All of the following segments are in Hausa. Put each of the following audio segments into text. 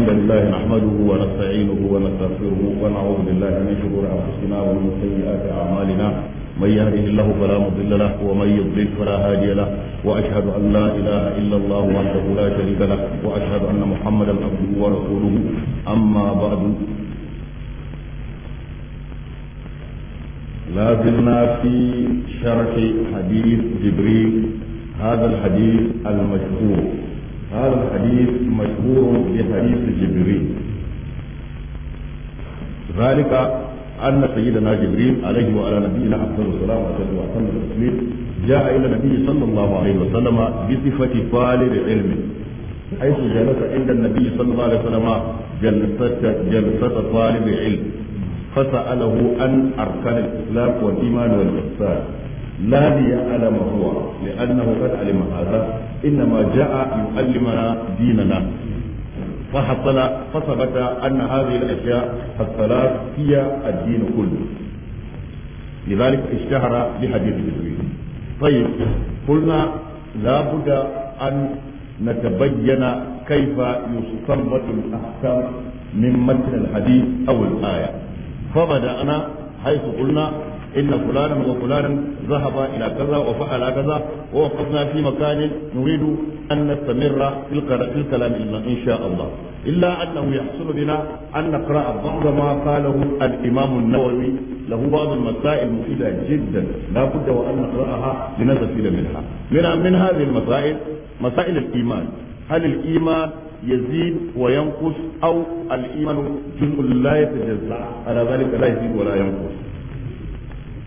الحمد لله نحمده ونستعينه ونستغفره ونعوذ بالله من شرور انفسنا ومن سيئات اعمالنا من يهده الله فلا مضل له ومن يضلل فلا هادي له واشهد ان لا اله الا الله وحده لا شريك له واشهد ان محمدا عبده ورسوله اما بعد لا زلنا في شرح حديث جبريل هذا الحديث المشهور هذا الحديث مشهور بحديث جبريل ذلك أن سيدنا جبريل عليه وعلى نبينا أفضل الصلاة وأتم التسليم جاء إلى النبي صلى الله عليه وسلم بصفة طالب علم حيث جلس عند النبي صلى الله عليه وسلم جلسة جلسة طالب علم فسأله عن أركان الإسلام والإيمان والإحسان لا ليعلم هو لأنه قد علم هذا إنما جاء يعلمنا ديننا فحصل فثبت أن هذه الأشياء الثلاث هي الدين كله لذلك اشتهر بحديث جبريل طيب قلنا لابد أن نتبين كيف يستنبط الأحكام من متن الحديث أو الآية فبدأنا حيث قلنا إن فلانا وفلانا ذهب إلى كذا وفعل كذا ووقفنا في مكان نريد أن نستمر في الكلام إن شاء الله إلا أنه يحصل بنا أن نقرأ بعض ما قاله الإمام النووي له بعض المسائل مفيدة جدا لا بد وأن نقرأها لنستفيد منها من, من هذه المسائل مسائل الإيمان هل الإيمان يزيد وينقص أو الإيمان جزء لا يتجزأ على ذلك لا يزيد ولا ينقص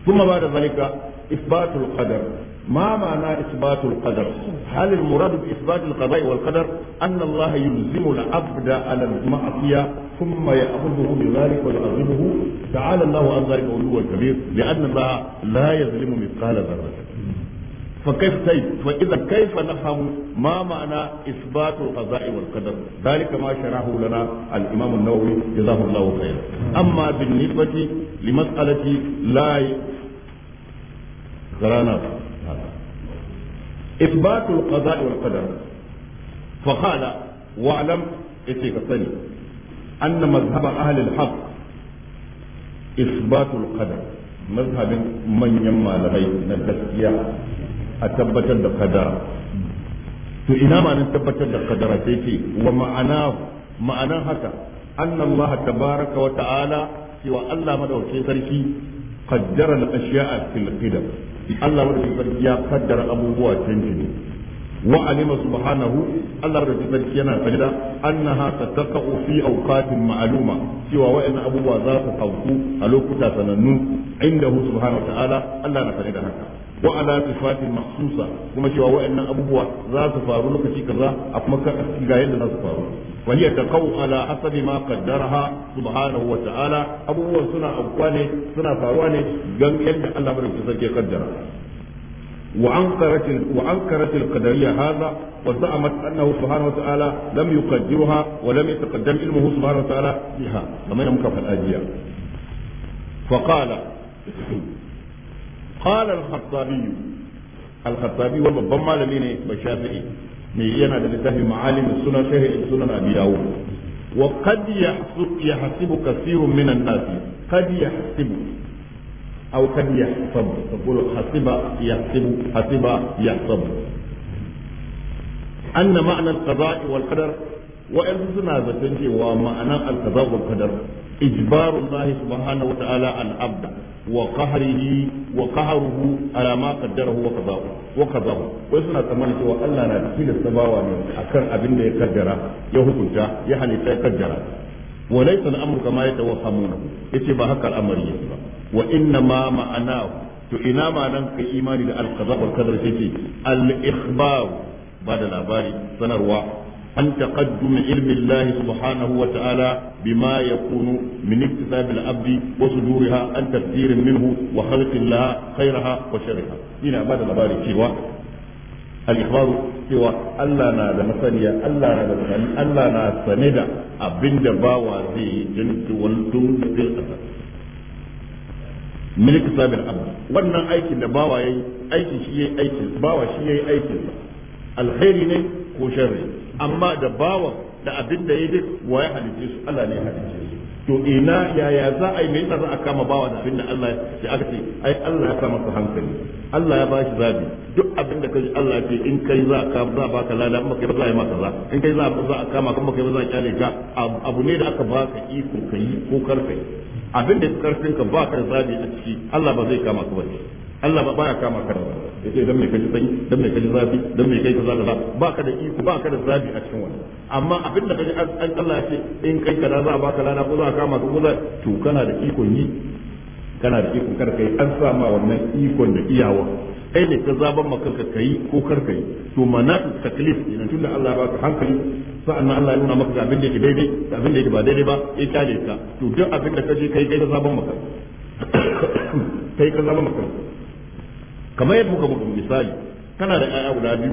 ثم بعد ذلك إثبات القدر ما معنى إثبات القدر هل المراد بإثبات القضاء والقدر أن الله يلزم العبد على المعصية ثم يأخذه بذلك ويعذبه تعالى الله عن ذلك علوا كبير لأن الله لا يظلم مثقال ذرة فكيف طيب فإذا كيف نفهم ما معنى إثبات القضاء والقدر ذلك ما شرحه لنا الإمام النووي جزاه الله خيرا أما بالنسبة لمسألة لا zarana isbatul qada wal qadar na gaskiya a tabbatar ina ma'anar haka cewa Allah sarki Allah madaukakin sarki ya kaddara abubuwa canji ne wa alima subhanahu Allah madaukakin sarki yana fadda annaha tattaqu fi awqatin ma'luma cewa wa'annan abubuwa za su auku a lokuta sanannu indahu subhanahu ta'ala Allah na da haka wa ala sifatin mahsusa kuma cewa waɗannan abubuwa za su faru lokaci kaza a kuma ga yadda za su faru wa hiya taqaw ala asabi ma qaddaraha subhanahu wa ta'ala abubuwan suna abuwa ne suna faruwa ne gan yadda Allah barkin sarki ya kaddara وأنكرت وأنكرت القدرية هذا وزعمت أنه سبحانه وتعالى لم يقدرها ولم يتقدم علمه سبحانه وتعالى muka كما jiya الآجية فقال qala al-khattabi al-khattabi babban malami ne ba shafi'i ne yana da littafin ma'alim sunan sharhi sunan abi dawud wa qad yahsibu kathirun min an-nas qad yahsibu أو قد يحسب تقول حسب يحسب حسب يحسب أن معنى القضاء والقدر وإن سنا ومعنى القضاء والقدر إجبار الله سبحانه وتعالى على العبد وقهره وقهره على ما قدره وقضاه وقضاه وسنا تمام cewa Allah na cikin bawa ne akan abin da ya kaddara ya hukunta ya halitta ya kaddara walaysa al-amru kama yatawahhamuna yace ba haka al'amari yake ba wa inna ma ma'anahu to ina ma nan kai imani da al-qada wal qadar yace al-ikhbar ba da labari sanarwa عن تقدم علم الله سبحانه وتعالى بما يكون من اكتساب العبد وصدورها عن تفسير منه وخلق لها خيرها وشرها إلى بعد الأباري سوى الإخبار سوى ألا نادى مسانية ألا نادى مسانية ألا نادى سندى أبن دباوى زي جنس والتم في الأسد من اكتساب العبد وأن أيكي دباوى أيكي شيء أيكي باوى شيء أيكي الخير ne ko sharri amma da bawan da abin da ya duk wa ya halice su Allah ne ya halice su to ina yaya za a yi mai yasa za a kama bawa da abin da Allah ya aka ce ai Allah ya kama su hankali Allah ya bashi zabi duk abin da kaji Allah ya ce in kai za ka za baka lada amma kai ba za a yi maka za in kai za za a kama kuma kai ba za a kyale ka abu ne da aka baka iko kai ko karfe abin da karfin ka ba ka zabi a ciki Allah ba zai kama ka ba Allah ba baya kama ka da wannan yace dan me kaji sanyi dan me kaji zafi dan me kai kaza kaza ka da iko ka da zabi a cikin wannan amma abin da kaji an Allah ya ce in kai kaza za a baka lana ko za a kama ka ko za to kana da iko yi kana da iko kar kai an sama wannan ikon da iyawa kai ne ka zaban ma kanka kai ko kar kai to mana taklif ne tunda Allah ya baka hankali sa'annan Allah ya nuna maka abin da yake daidai abin da yake ba daidai ba ya kyale ka to duk abin da kaje kai kai ka zaban maka kai ka zaban maka kamar yadda muka buga misali kana da ƴaƴa guda biyu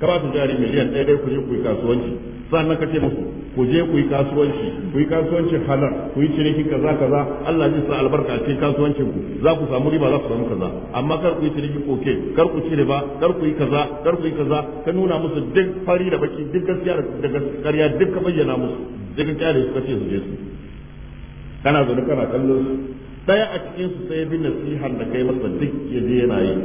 ka ba su jari miliyan ɗaya ɗaya ku je ku yi kasuwanci sannan ka ce musu ku je ku yi kasuwanci ku yi kasuwancin halal ku yi ciniki kaza kaza Allah zai sa albarka cikin kasuwancin ku za ku samu riba za ku samu kaza amma kar ku yi ciniki koke kar ku ci riba kar ku yi kaza kar ku yi kaza ka nuna musu duk fari da baki duk gaskiya da gaskiya duk ka bayyana musu duk kyale su ka ce su je su kana zaune kana kallon su daya a cikin su sai bi nasihan da kai masa duk ya je yana yi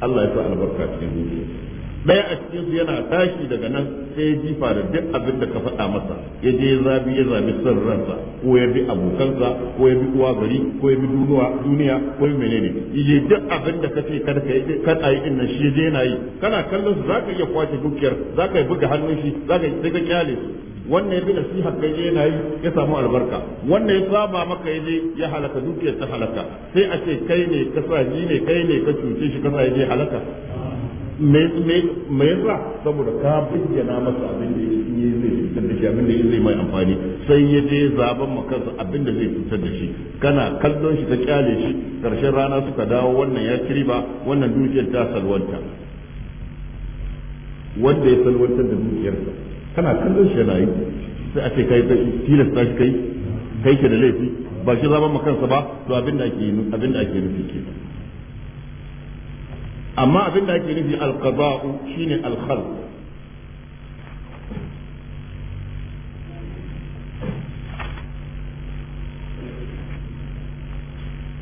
Allah ya sa albarka cikin zuciyarsa ɗaya a cikin su yana tashi daga nan sai ya jifa da duk abin da ka faɗa masa ya je ya zabi ya zabi son ransa ko ya bi abokansa ko ya bi uwa gari ko ya bi duniya ko ya menene ya duk abin da ka ce kar yi a yi din nan shi ya je yana yi kana kallon su zaka iya kwace dukiyar zaka buga hannun shi zaka sai ka kyale wannan ya bi nasiha kai je yana yi ya samu albarka wannan ya saba maka ya je ya halaka dukiyar ta halaka sai a ce kai ne ka sa ne kai ne ka cuce shi ka sa ya je halaka mai yasa saboda ka bayyana masa abin da ya zai cutar da shi abin da zai mai amfani sai ya je zaben makansa abin da zai cutar da shi kana kallon shi ta kyale shi karshen rana suka dawo wannan ya ci ba wannan dukiyar ta salwanta wanda ya salwantar da dukiyarsa kana kallon shi yana yi sai a ce kai tilasta shi kai kai ke da laifi ba shi zaman makansa ba to abin da ake nufi kenan amma abin da ake nufi alkaza'u shine alkhal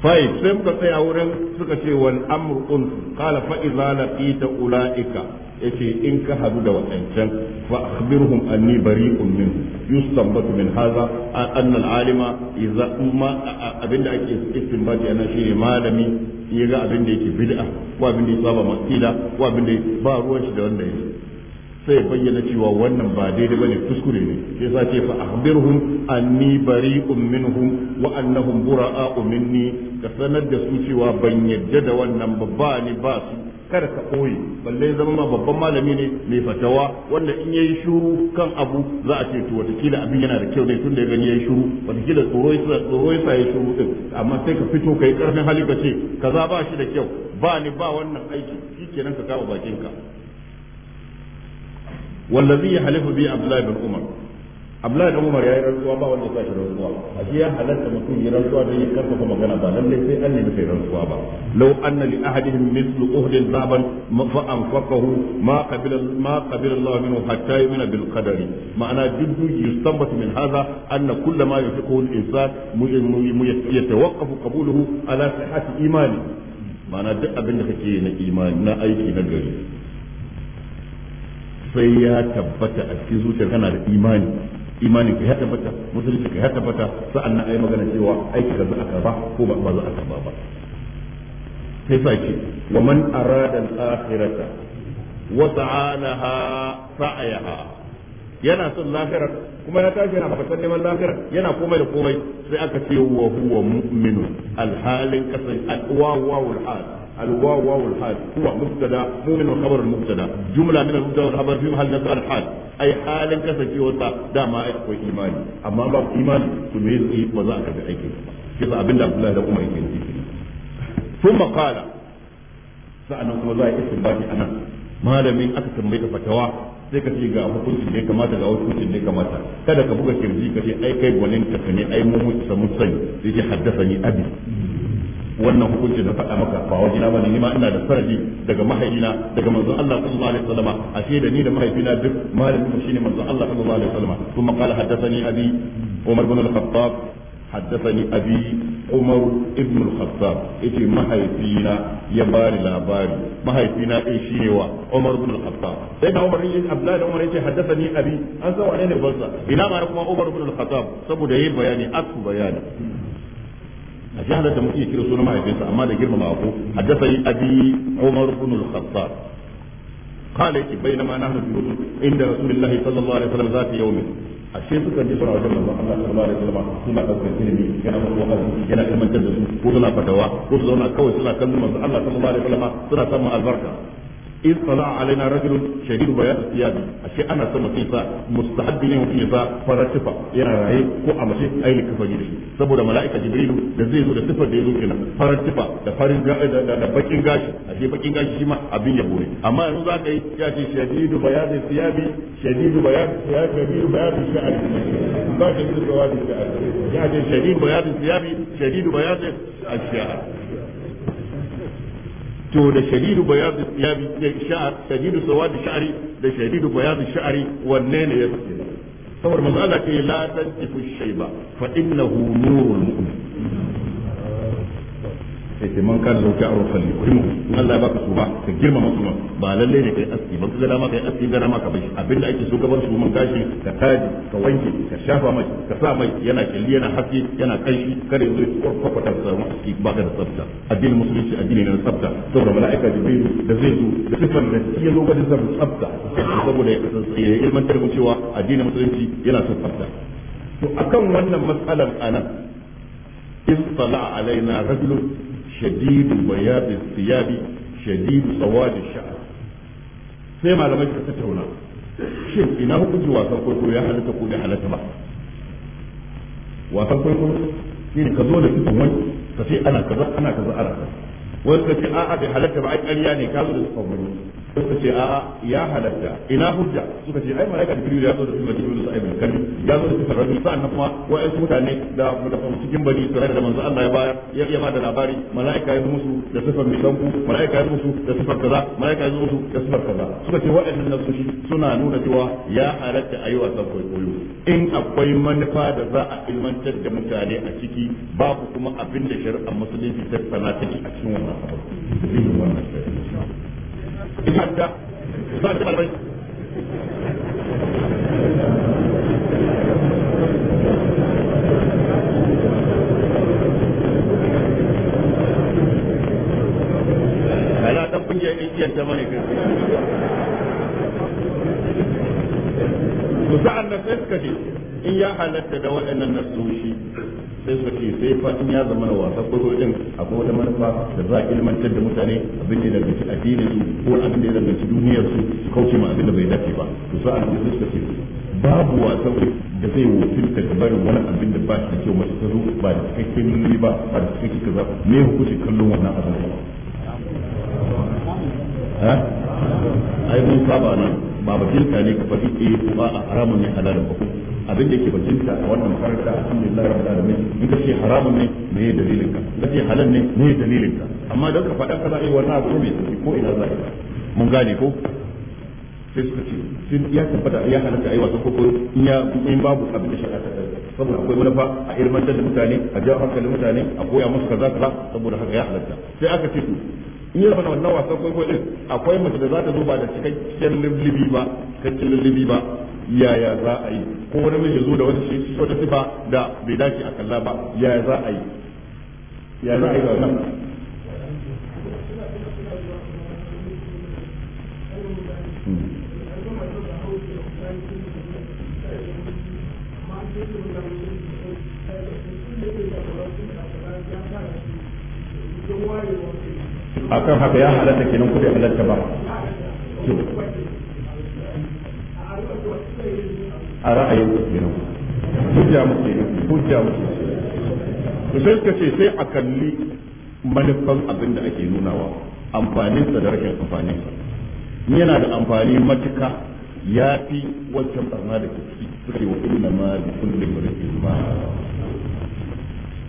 fai sai muka tsaya wurin suka ce wani amurkun kala fa'iza na ita ula'ika ya ce in ka hadu da waɗancan fa akhbirhum anni bari'un min yustanbatu min haza an annal alima idza umma abinda ake istinbati ana shine malami ya ga abin da yake bid'a ko abin da ya saba masila ko abin da ba ruwan shi da wanda yake sai bayyana cewa wannan ba daidai bane kuskure ne sai sa ce fa akhbirhum anni bari'un minhum wa annahum bura'a'u minni ka sanar da su cewa ban yadda da wannan ba ba ni ba su kada ka koyi balle zama ma babban malami ne mai fatawa wanda in yayi shuru kan abu za a ce to watakila abin yana da kyau ne tunda ya gani yayi shuru watakila tsoro ya tsoro ya yayi shuru din amma sai ka fito kai karfin hali ka ce kaza ba shi da kyau ba ni ba wannan aiki shikenan ka kawo bakin ka wallazi ya halifu bi abdullahi bin umar Abdullahi da Umar yayi rantsuwa ba wanda ya shi rantsuwa ashe ya halatta mutum ya rantsuwa don ya karfafa magana ba ne sai an nemi sai rantsuwa ba law anna li ahadihim mithlu uhdin zaban fa anfaqahu ma qabila ma qabila Allah minhu hatta yu'mina bil qadari ma'ana jiddu yustanbatu min hadha anna kull ma yufiqhu al insan yatawaqqafu qabuluhu ala sihhati imani ma'ana duk abin da kake na imani na aiki na gari sai ya tabbata a cikin zuciyar kana da imani imanin ka ya tabbata musulunci ka ya tabbata sa'annan ai magana cewa aiki ka zuwa a ba ko ba za a karba ba sai sa ce wa man arada al-akhirata wa ta'alaha sa'ayaha yana son lahira kuma ya tashi yana fatan neman lafiyar yana komai da komai sai aka ce wa huwa mu'minu alhalin kasan al-wawu hal الواو واو الحال هو مبتدا مؤمن وخبر المبتدا جمله من المبتدا والخبر في محل نصب الحال اي حالا كسكي وتا داما اكوي ايماني اما باب ايماني تميز ايه وذاك بايكي كيف ابن عبد الله ده kuma yake ثم قال sa'annan kuma za a yi istinbati a nan malamin aka tambaye ka fatawa sai ka ce ga hukuncin da kamata ga hukuncin da kamata kada ka buga kirji ka ce ai kai gwanin ka ne ai mu mu samu sani sai ce haddasa ni abi wannan hukunci da faɗa maka ba waje na bane ni ma ina da faraji daga mahaifina daga manzon Allah sallallahu alaihi wasallam ashe da ni da mahaifina duk malamin mu shine manzon Allah sallallahu alaihi wasallam kuma qala haddathani abi Umar bin al-Khattab haddathani abi Umar ibn al-Khattab yace mahaifina ya bari labari mahaifina din shine wa Umar ibn al-Khattab sai da Umar yace Abdullah Umar yace haddathani abi an sa wa ne ne ina ma kuma Umar ibn al-Khattab saboda yayi bayani aku bayani a shi halatta mutum ya kira sunan mahaifinsa amma da girma ma ko haddathani abi umar ibn al-khattab qala ki bainama nahnu junub inda rasulullah sallallahu alaihi wasallam zati yawmi a shi suka ji suna wajen Allah sallallahu alaihi wasallam kuma suna daukar ilimi yana musu wa'azi yana kamantar da su ko suna fatawa ko suna kawai suna kallon manzo Allah sallallahu alaihi wasallam suna samun albarka istala alaina rajulun shadidu bayan siyabi ashe ana sa mustahabbi ne mutum ya yana raye ko a mace saboda mala'ika jibrilu da zai zo da tufar da ya zo kenan farar amma yanzu za yi ya ce to da shadidu bayaz sha'ar shadidu sawad sha'ri da shadidu bayaz sha'ri wanne ne ya fi saboda manzo Allah ce la tantifu shayba fa innahu nurul mu'min sai ce man kana lauki a rufan ne kuma in Allah ya baka su ba ka girma masu ba ba lalle ne kai aski ba ka ga ma kai aski ga dama ka bashi abinda ake so gaban su man gashi ka taji ka wanke ka shafa mai ka sa mai yana killi yana haske yana kanshi kare zai kwakwata sa mu aski ba ka da tsafta addinin musulunci addini ne na tsafta saboda mala'ika jibrilu da zai zo da sifar da ya zo wajen zan tsafta saboda ya ilmantar mu cewa addinin musulunci yana son tsafta to akan wannan matsalar anan in tsala alaina rajulun shadidu bayadi siyabi shadidu sawadi sha'a sai malamai suka tattauna shin ina hukunci wasan kwaikwayo ya halatta ko da halatta ba wasan kwaikwayo shi ne ka da cikin wani ka ana kaza ana kaza ana ce a'a bai halatta ba ai karya ne ka da suka ce a ya halatta ina hujja suka ce ai malaika jibril ya zo da sifar jibril sai mai kan ya zo da sifar rabbi sai nan kuma ai mutane da mutafan cikin bani sai da manzo Allah ya bayar ya iya bada labari malaika ya zo musu da sifar mai danku malaika ya zo musu da sifar kaza malaika ya zo musu da sifar kaza suka ce waɗannan nasoshi suna nuna cewa ya halatta ayi wasan koyo in akwai manufa da za a ilmantar da mutane a ciki babu kuma abin da shari'ar musulunci ta sanata ne a cikin wannan abu يبدا ala dan kungiyar ikiyar ta bane kai to sa'an nan sai suka ce in ya halatta da waɗannan nasoshi sai suka ce sai fa in ya zama na wasa ko din akwai wata manufa da za a ilmantar da mutane abin da ya danganci addinin su ko abin da ya danganci duniyar su kauce ma abin da bai dace ba to sai an sa'an da suka ce babu wasa da zai wakilta da barin wani abin da ba shi da kyau mace ta zo ba da cikakken nuni ba ba da cikakken kaza me hukunci kallon wannan abin ba. ai mun saba nan ba bakinta ne ka faɗi eh ko a haramun ne halalan ba abin da yake bakinta a wannan makaranta alhamdulillah rabbil alamin in ka ce haramun ne me ye dalilin ka ka ce halal ne me ye dalilin ka amma dan ka faɗa ka za a yi wannan abu ne ko ina za a yi mun gane ko sai suka ce sun ya tabbata ya halatta ayi wasan koko in ya in babu abin da shari'a ta saboda akwai manufa a ilmantar da mutane a jawo hankalin mutane a koya musu kaza kaza saboda haka ya halatta sai aka ce iya bana wannan wasan kwaikwayo din akwai mace da za ta zo ba da cikakken lullubi ba cikakken lullubi ba yaya za a yi ko wani mai zo da wani shi ko wata sifa da bai dace a kalla ba yaya za a yi yaya za a yi da wannan Thank hmm. you. akan haka ya halatta kenan kudi halatta ba a ra'ayin ku kenan hujja mu kenan hujja mu to sai suka ce sai a kalli manufan abin da ake nunawa amfanin sa da rashin amfanin sa yana da amfani matuka ya fi wancan barna da ke ciki suke yi wa inna ma bi kulli mulkin ma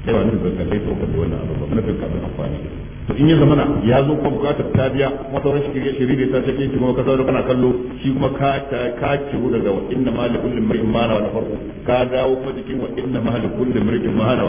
sai wani zaka sai to kalli wannan abu ba na fi amfani to in ya zama na ya zo kuma bukatar ta biya kuma sauran shirye shirye da ta take shi kuma ka zauna kana kallo shi kuma ka ta ka ciwo daga wa inna ma li kulli mar'in ma na farko ka dawo kuma cikin wa inna ma li kulli mar'in ma na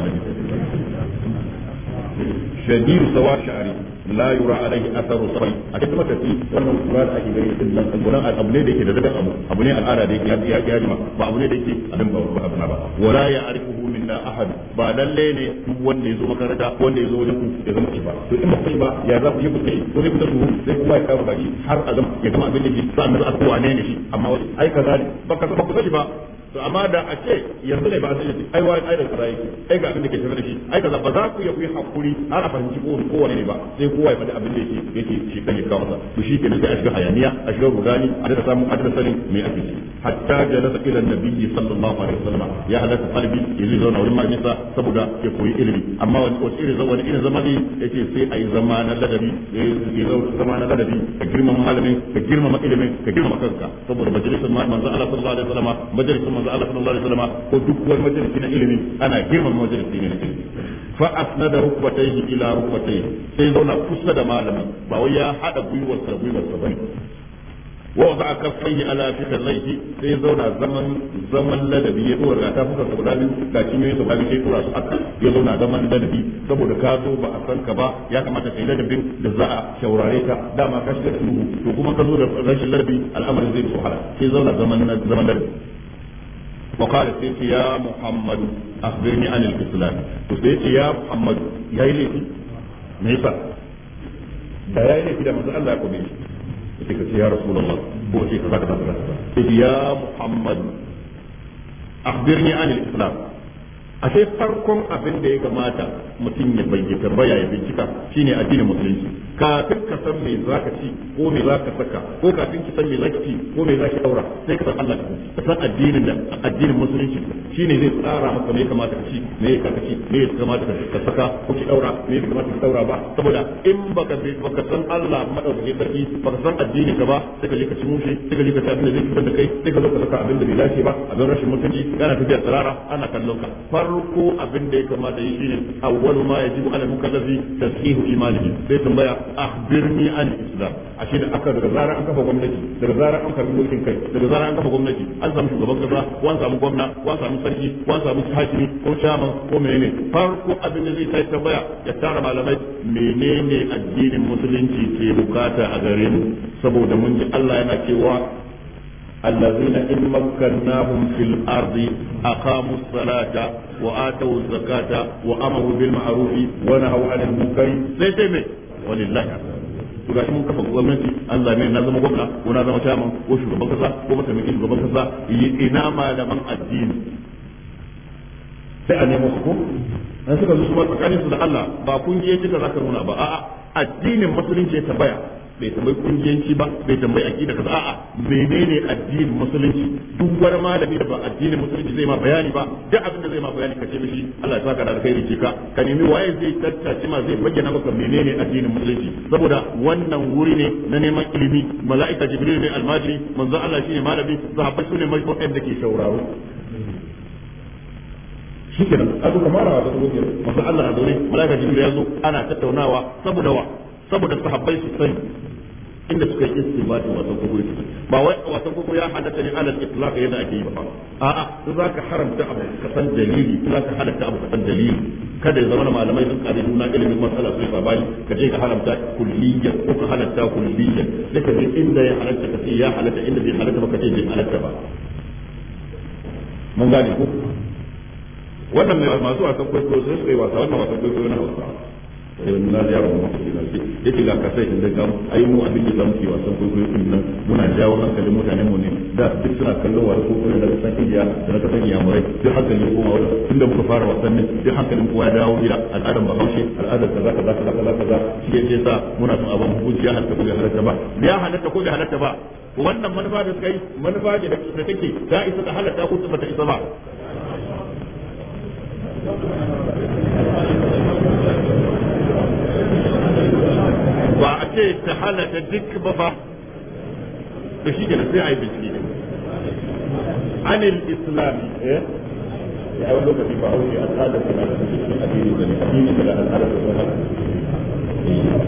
شديد سواء شعري لا يرى عليه اثر صبي اكيد ما tafi wannan kura da ake gari din nan gunan da yake da dadan abu abu al'ada da yake ya ya jima ba abu ne da yake abin ba ba ba wala ya arifuhu minna ahad ba lalle ne duk wanda yazo makaranta wanda yazo wajen ku ya zama ba to in ba kai ba ya za ku yi ku kai to sai ku tafi sai kuma ya kawo baki har a zama ya zama abin da ke sa annabi a kowa ne ne shi amma ai kaza ne ba ka ba ku ba to amma da a ce yanzu ne ba su yi ai wai ai da kaza yake ai ga abin da ke tafi da shi ai kaza ba za ku ya ku yi hakuri har a fahimci ko kowane ne ba sai kowa ya faɗi abin da yake yake shi kan ya kawo sa to shi ke nan a shiga hayaniya a shiga rugani a daga samun adadin sani mai ake shi hatta ga jalasa ila biyu sallallahu alaihi wasallam ya halaka ya zai zauna wurin majalisa saboda ya koyi ilimi amma wani wasu irin wani irin zama ne yake sai a yi zama na ladabi ya zauna zama na ladabi ka girmama malamin ka girmama ilimin ka girmama kanka saboda majalisar manzo Allah sallallahu alaihi wasallam majalisar manzo Allah sallallahu alaihi wasallam ko duk wani majalisi na ilimi ana girmama majalisi ne na ilimi fa asnada rukbatayhi ila rukbatayhi sai zauna kusa da malami ba wai ya hada gwiwar sa gwiwar sa bane wa wada a kafai ala fitar laifi sai zauna zaman zaman ladabi ya dora ta fuka guda biyu ga cinyoyin su babu sai dora su aka ya zauna zaman ladabi saboda ka zo ba a san ka ba ya kamata kai ladabin da za a shaurare ka dama ka shiga da to kuma ka zo da rashin ladabi al'amarin zai wahala sai zauna zaman zaman ladabi وقال سيتي يا محمد أخبرني عن الإسلام سيتي يا محمد يا إليتي da ya yi da Allah ko sai ka zaka zaka sai ya muhammad akhbirni islam farkon abin ya kamata mutum ya bincika baya ya bincika shine addinin musulunci kafin ka san me za ka ci ko me za ka saka ko kafin ki san me za ci ko me za ki daura sai ka san Allah ka ka san addinin da addinin musulunci shine zai tsara maka me kamata ka ci me ka ci me ya kamata ka saka ko ki daura me ya kamata ka daura ba saboda in baka baka san Allah madaukakin sarki baka san addinin ka ba sai ka je ka ci mushi sai ka je ka tafi da zai fitar da kai sai ka zo ka saka abin da bai dace ba abin rashin mutunci kana tafiya tsirara ana kallon ka farko abin da ya kamata yi shine awwalu ma yajibu ala mukallafi tashihu imanihi sai tambaya akhbirni an islam ashe da aka daga zarar an kafa gwamnati daga zarar an karbi mulkin kai daga zarar an kafa gwamnati an samu shugaban kasa wan samu gwamna wan samu sarki wan samu hakimi ko shaman ko menene farko abin da zai kai tambaya ya tara malamai menene addinin musulunci ke bukata a gare mu saboda mun ji Allah yana cewa الذين إن مكناهم في الأرض أقاموا الصلاة وآتوا الزكاة وأمروا بالمعروف ونهوا عن المنكر ليس walillahi to gashi mun kafa gwamnati an zame na zama gwamna ko na zama chairman ko shugaban kasa ko mataimakin shugaban kasa ina malaman addini sai a nemo su ko dan suka zo su ba tsakanin da Allah ba kungiye kika zaka nuna ba a'a addinin musulunci ta baya bai tambayi kungiyanci ba bai tambayi aqida ba a'a menene addinin musulunci duk wani malami da ba addinin musulunci zai ma bayani ba duk abin da zai ma bayani kace mishi Allah ya saka da alkhairi ce ka ka nemi waye zai tattace ma zai bayyana maka menene addinin musulunci saboda wannan wuri ne na neman ilimi mala'ika jibril ne almajiri manzo Allah shine malami sahabbai sune majmu'in da ke sauraro shikenan abu kamar a wata masu Allah na zaune mala'ika jibril ya zo ana tattaunawa saboda wa saboda sahabbai su sani inda suka yi istibati wasan koko ba wai wasan koko ya halatta ne alal itlaq yadda ake yi ba a'a su zaka haramta abu ka san dalili su zaka halatta abu ka san dalili kada ya zama malamai sun kare juna ilimin masala sai ba bai ka je ka haramta kulliyya ko ka halatta kulliyya da ka inda ya halatta ka ce ya halatta inda bai halatta ba ka ce bai halatta ba mun gane ko wannan mai masu wasan kwaikwayo sai su yi wasa wannan wasan kwaikwayo na wasa muna da yawa masu shiga ce yake ga kasai in da gamu ai mu abin da zamu ke wasan kwaikwayo din nan muna jawo hankalin mutane mu ne da duk suna kallon wa daga san indiya da na kasan yamurai duk hankalin ya koma wurin tunda muka fara wasan ne duk hankalin kowa ya dawo gida al'adar bahaushe al'adar kaza kaza kaza kaza kaza shi sa muna son abin halatta ko bai halatta ba ya halatta ko bai halatta ba wannan manufa da suka yi manufa ne da take za isa ta halatta ko ta isa ba ba a ce ta halaka duk ba ba da shi gina sai a yi bincike ne anil islami eh ya wani lokaci ba aure al'adar da aka cikin addini da addini da al'adar da ba yasa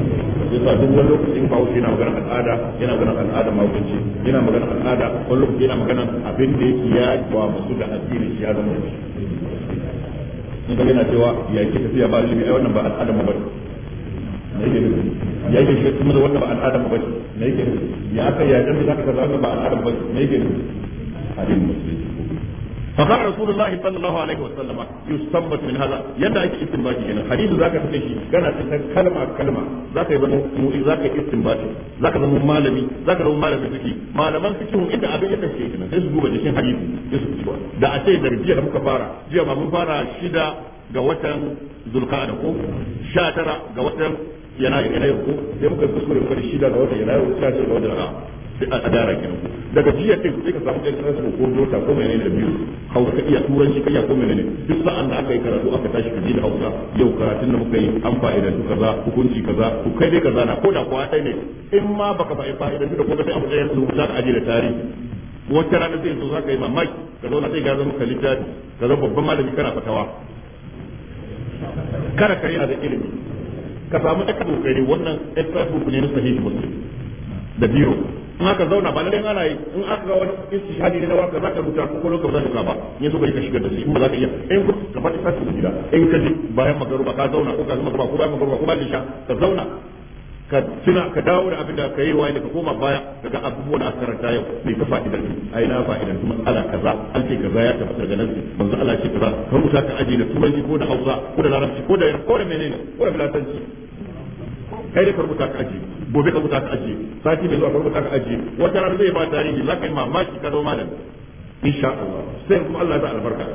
duk wani lokacin ba wuce yana magana al'ada yana magana al'ada ma wuce yana magana al'ada wani lokaci yana magana abin da yake ya wa masu da addini shi ya zama wuce in ka gina cewa ya ke tafiya ba ilimi ai wannan ba al'ada ma bane me yake nufi ya yake shiga cikin da wannan ba al'ada ba bace me yake nufi ya aka ya dan zaka kaza wannan ba al'ada ba bace me yake nufi hadin musulmi فقال رسول الله صلى الله عليه وسلم يستنبط من هذا يدا ake istinbati kenan hadisi zaka take shi kana cikin kalma kalma zaka zama mu'i zaka istinbati zaka zama malami zaka zama malami fiki malaman fikihu inda abin ya take kenan sai su duba jikin hadisi sai su cewa da a ce daga jiya da muka fara jiya ba mun fara shida ga watan zulqa'ada ko 19 ga yana yana yanzu sai muka kuskure muka shida ga wata yana yanzu sai ga wata a dara kenan daga jiya sai sai ka samu ɗan transfer ko dota ko mai da biyu hausa iya turanci ka iya ko mai ne duk sa'an da aka yi karatu aka tashi ka ji da hausa yau karatun da muka yi an fa'idantu kaza hukunci kaza ku kai dai kaza na ko da kuwa ɗaya ne in ma baka fa'idantu da ko ka sai abu ɗaya rubuta ka ajiye da tarihi wata rana zai zo ka yi mamaki ka zauna sai ga zama kalita ka zama babban malami kana fatawa kada ka yana da ilimi ka samu ɗaka kokari wannan extra book ne na sahih muslim da biyu in aka zauna ba lallai ana yi in aka ga wani ne na waka za ka rubuta ko da ka ba ne so bai ka shiga da shi kuma za ka iya in ku ka faɗi fasu gida in ka ji bayan magaruba ka zauna ko ka zama ba ko bayan magaruba ko ba ka sha ka zauna ka tuna ka dawo da abin da ka yi wani ka koma baya daga abubuwan da karanta yau sai ka fa'ida yi na fa'ida kuma ala kaza an ce kaza ya tabbatar daga nan manzo ala ce kaza ka musa ka aji da turanci ko da Hausa ko da Larabci ko da ko da menene ko da filatanci kai da karbuta ka aji gobe karbuta ka aji sati mai zuwa karbuta ka aji wata rana zai ba tarihi za ka yi mamaki ka zo malam insha Allah sai kuma Allah ya albarka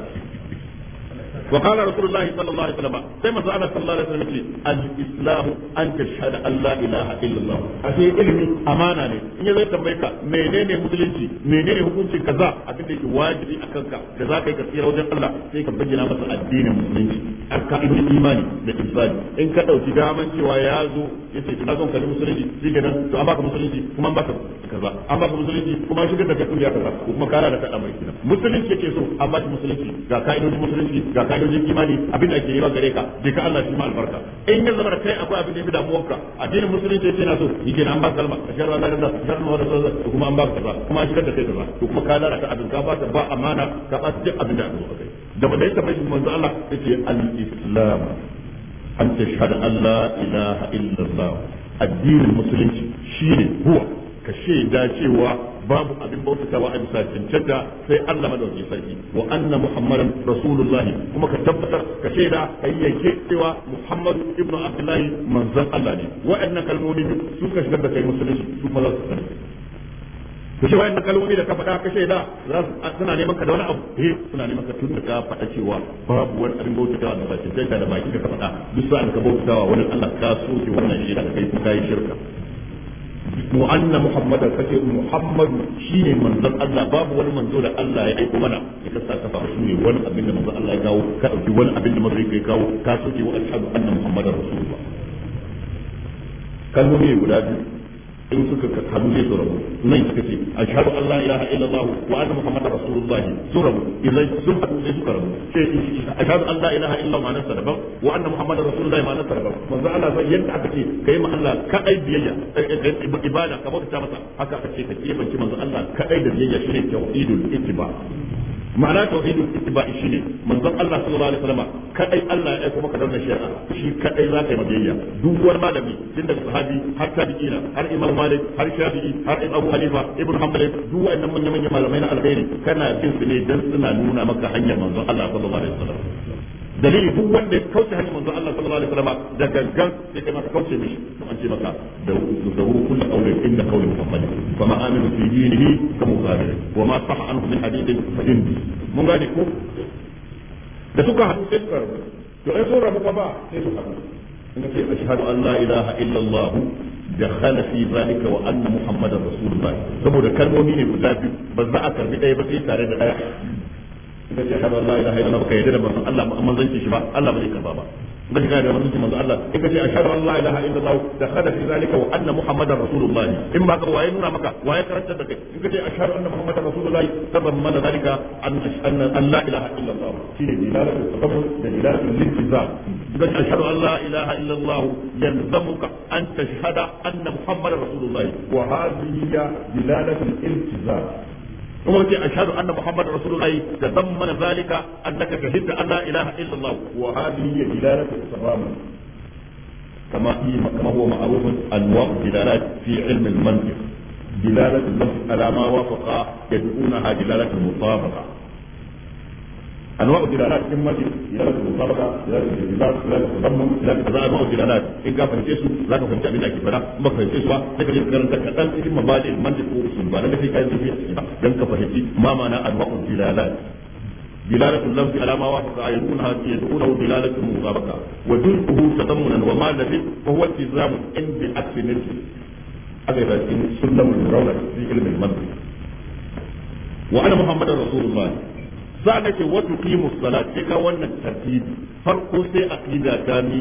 وقال رسول الله صلى الله عليه وسلم كما قال صلى الله عليه وسلم الاسلام ان تشهد ان لا اله الا الله ashe ilimi amana ne in zai tambaye ka menene musulunci ne hukuncin kaza abin da yake wajibi akan ka da za ka yi kasira wajen Allah sai ka bayyana a addinin musulunci akka ibn imani da ibadi in ka dauki daman cewa ya zo ina son ka musulunci shi kenan to an baka musulunci kuma an ka kaza an baka musulunci kuma an shigar da kai kaza kuma musulunci an musulunci ka'idojin kimani abin da ake yi gare ka bai ka Allah shi ma albarka in ya zama da kai akwai abin da ya fi damuwarka addinin musulunci yace na so yake na an ba kalma ashar wa da shar wa da da kuma an ba ka kaza kuma an shigar da kai kaza to kuma ka lalata abin ka ba ta ba amana ka ba duk abin da ya zama kai da ba da yake fashin manzo Allah yace al-islam an tashhadu an la ilaha illallah addinin musulunci shine huwa ka shaida cewa babu abin bautatawa a bisa cancanta sai Allah madauki sarki wa anna muhammadan rasulullahi kuma ka tabbatar ka shaida kai yake cewa muhammadu ibnu abdullahi manzon Allah ne wa'annan kalmomi su ka shigar da kai musulunci su kuma za su ku ce wayannan kalmomi da ka faɗa ka shaida za su suna neman ka da wani abu he eh, suna neman ka tun da ka faɗa cewa babu wani abin bautawa da bakin da bakin ka faɗa duk sa'an ka wa wani Allah ka soke wannan shaida da kai ka yi shirka wa anna muhammadan kace muhammadu shine manzon Allah babu wani manzo da Allah ya aiko mana ya sa ka faɗa shine wani abin da Allah ya kawo ka dauki wani abin da manzo ya kawo ka soke wa ashhadu anna muhammadan rasulullah kalmomi guda biyu in suka samu zai su rabu nan suka ce ashhadu an la wa rasulullahi su rabu idan sun haɗu suka rabu sai wa rasulullahi manzo Allah sai yanda aka ce kai ma Allah kadai biyayya eh, eh, eh, ibada kamar ta masa haka aka ce ka kibanci manzo Allah kadai da biyayya shine tauhidul ittiba ma'ana tauhidul ittiba'i shine manzon Allah sallallahu alaihi wasallam kadai Allah ya aika maka da shari'a shi kadai za ka yi biyayya duk wani malami tun daga sahabi har tabi'ina har imam malik har shafi'i har abu hanifa ibn hanbal duk wannan manyan manyan malamai na alkhairi kana bin su ne dan suna nuna maka hanyar manzon Allah sallallahu alaihi wasallam dalili duk wanda ya kauce hanyar manzo Allah sallallahu alaihi wasallam da gangan sai kai maka kauce mishi an ce maka da da kullu qawli inda qawli muhammad fa ma aminu fi dinihi ka muqabil wa ma sah anhu min hadithin fa indi mun gane ko da suka haɗu suka rabu to ai sun rabu ba sai su haɗu in ka ce ashhadu an la ilaha illa allah دخل في ذلك وان محمد رسول الله saboda kalmomi ne guda biyu ba za a karbi ɗaya ba sai tare da daya. ka ce hada la ilaha illallah baka yarda da manzon Allah manzanci shi ba Allah ba zai karba ba ba ka da manzanci manzon Allah in ka ce ashhadu an la ilaha illallah da khada fi zalika wa anna muhammadar rasulullah in ba ka waye nuna maka waye karanta da kai in ka ce ashhadu anna muhammadar rasulullah tabammana zalika an ashhadu an la ilaha illallah shine dilalatu tabammul da dilalatu lintizam idan ashhadu an la ilaha illallah yalzamuka an tashhada anna muhammadar rasulullah wa hadhihi dilalatu iltizam kuma ce ashhadu anna muhammadar rasulullahi da zammana zalika annaka shahidta an la ilaha illallah wa hadhihi dilalatu tamam kama kama huwa ma'ruf anwa dilalat fi ilm al-mantiq dilalatu al-lafz ala ma wafaqa yad'unaha dilalatu mutabaqa انواع الدلالات اما دلاله المطابقه دلاله الاستدلال دلاله التضمن دلاله كذا انواع الدلالات ان كان فهمت سو لا كان فهمت ابن اكيد فلا ما فهمت سو لك جيب كان كان في مبادئ المنطق والاصول بعد ذلك كان في دان كفهمت ما معنى انواع الدلالات دلالة اللفظ على ما وافق يدعونها يدعونه دلالة المطابقة ودلته تضمنا وما لفظ وهو التزام عند عكس نفسه هذا يبقى سلم المراولة في علم المنطق وأنا محمد رسول الله sa'an ce wa tuqimu salat sai ka wannan tartibi farko sai aqida ta mi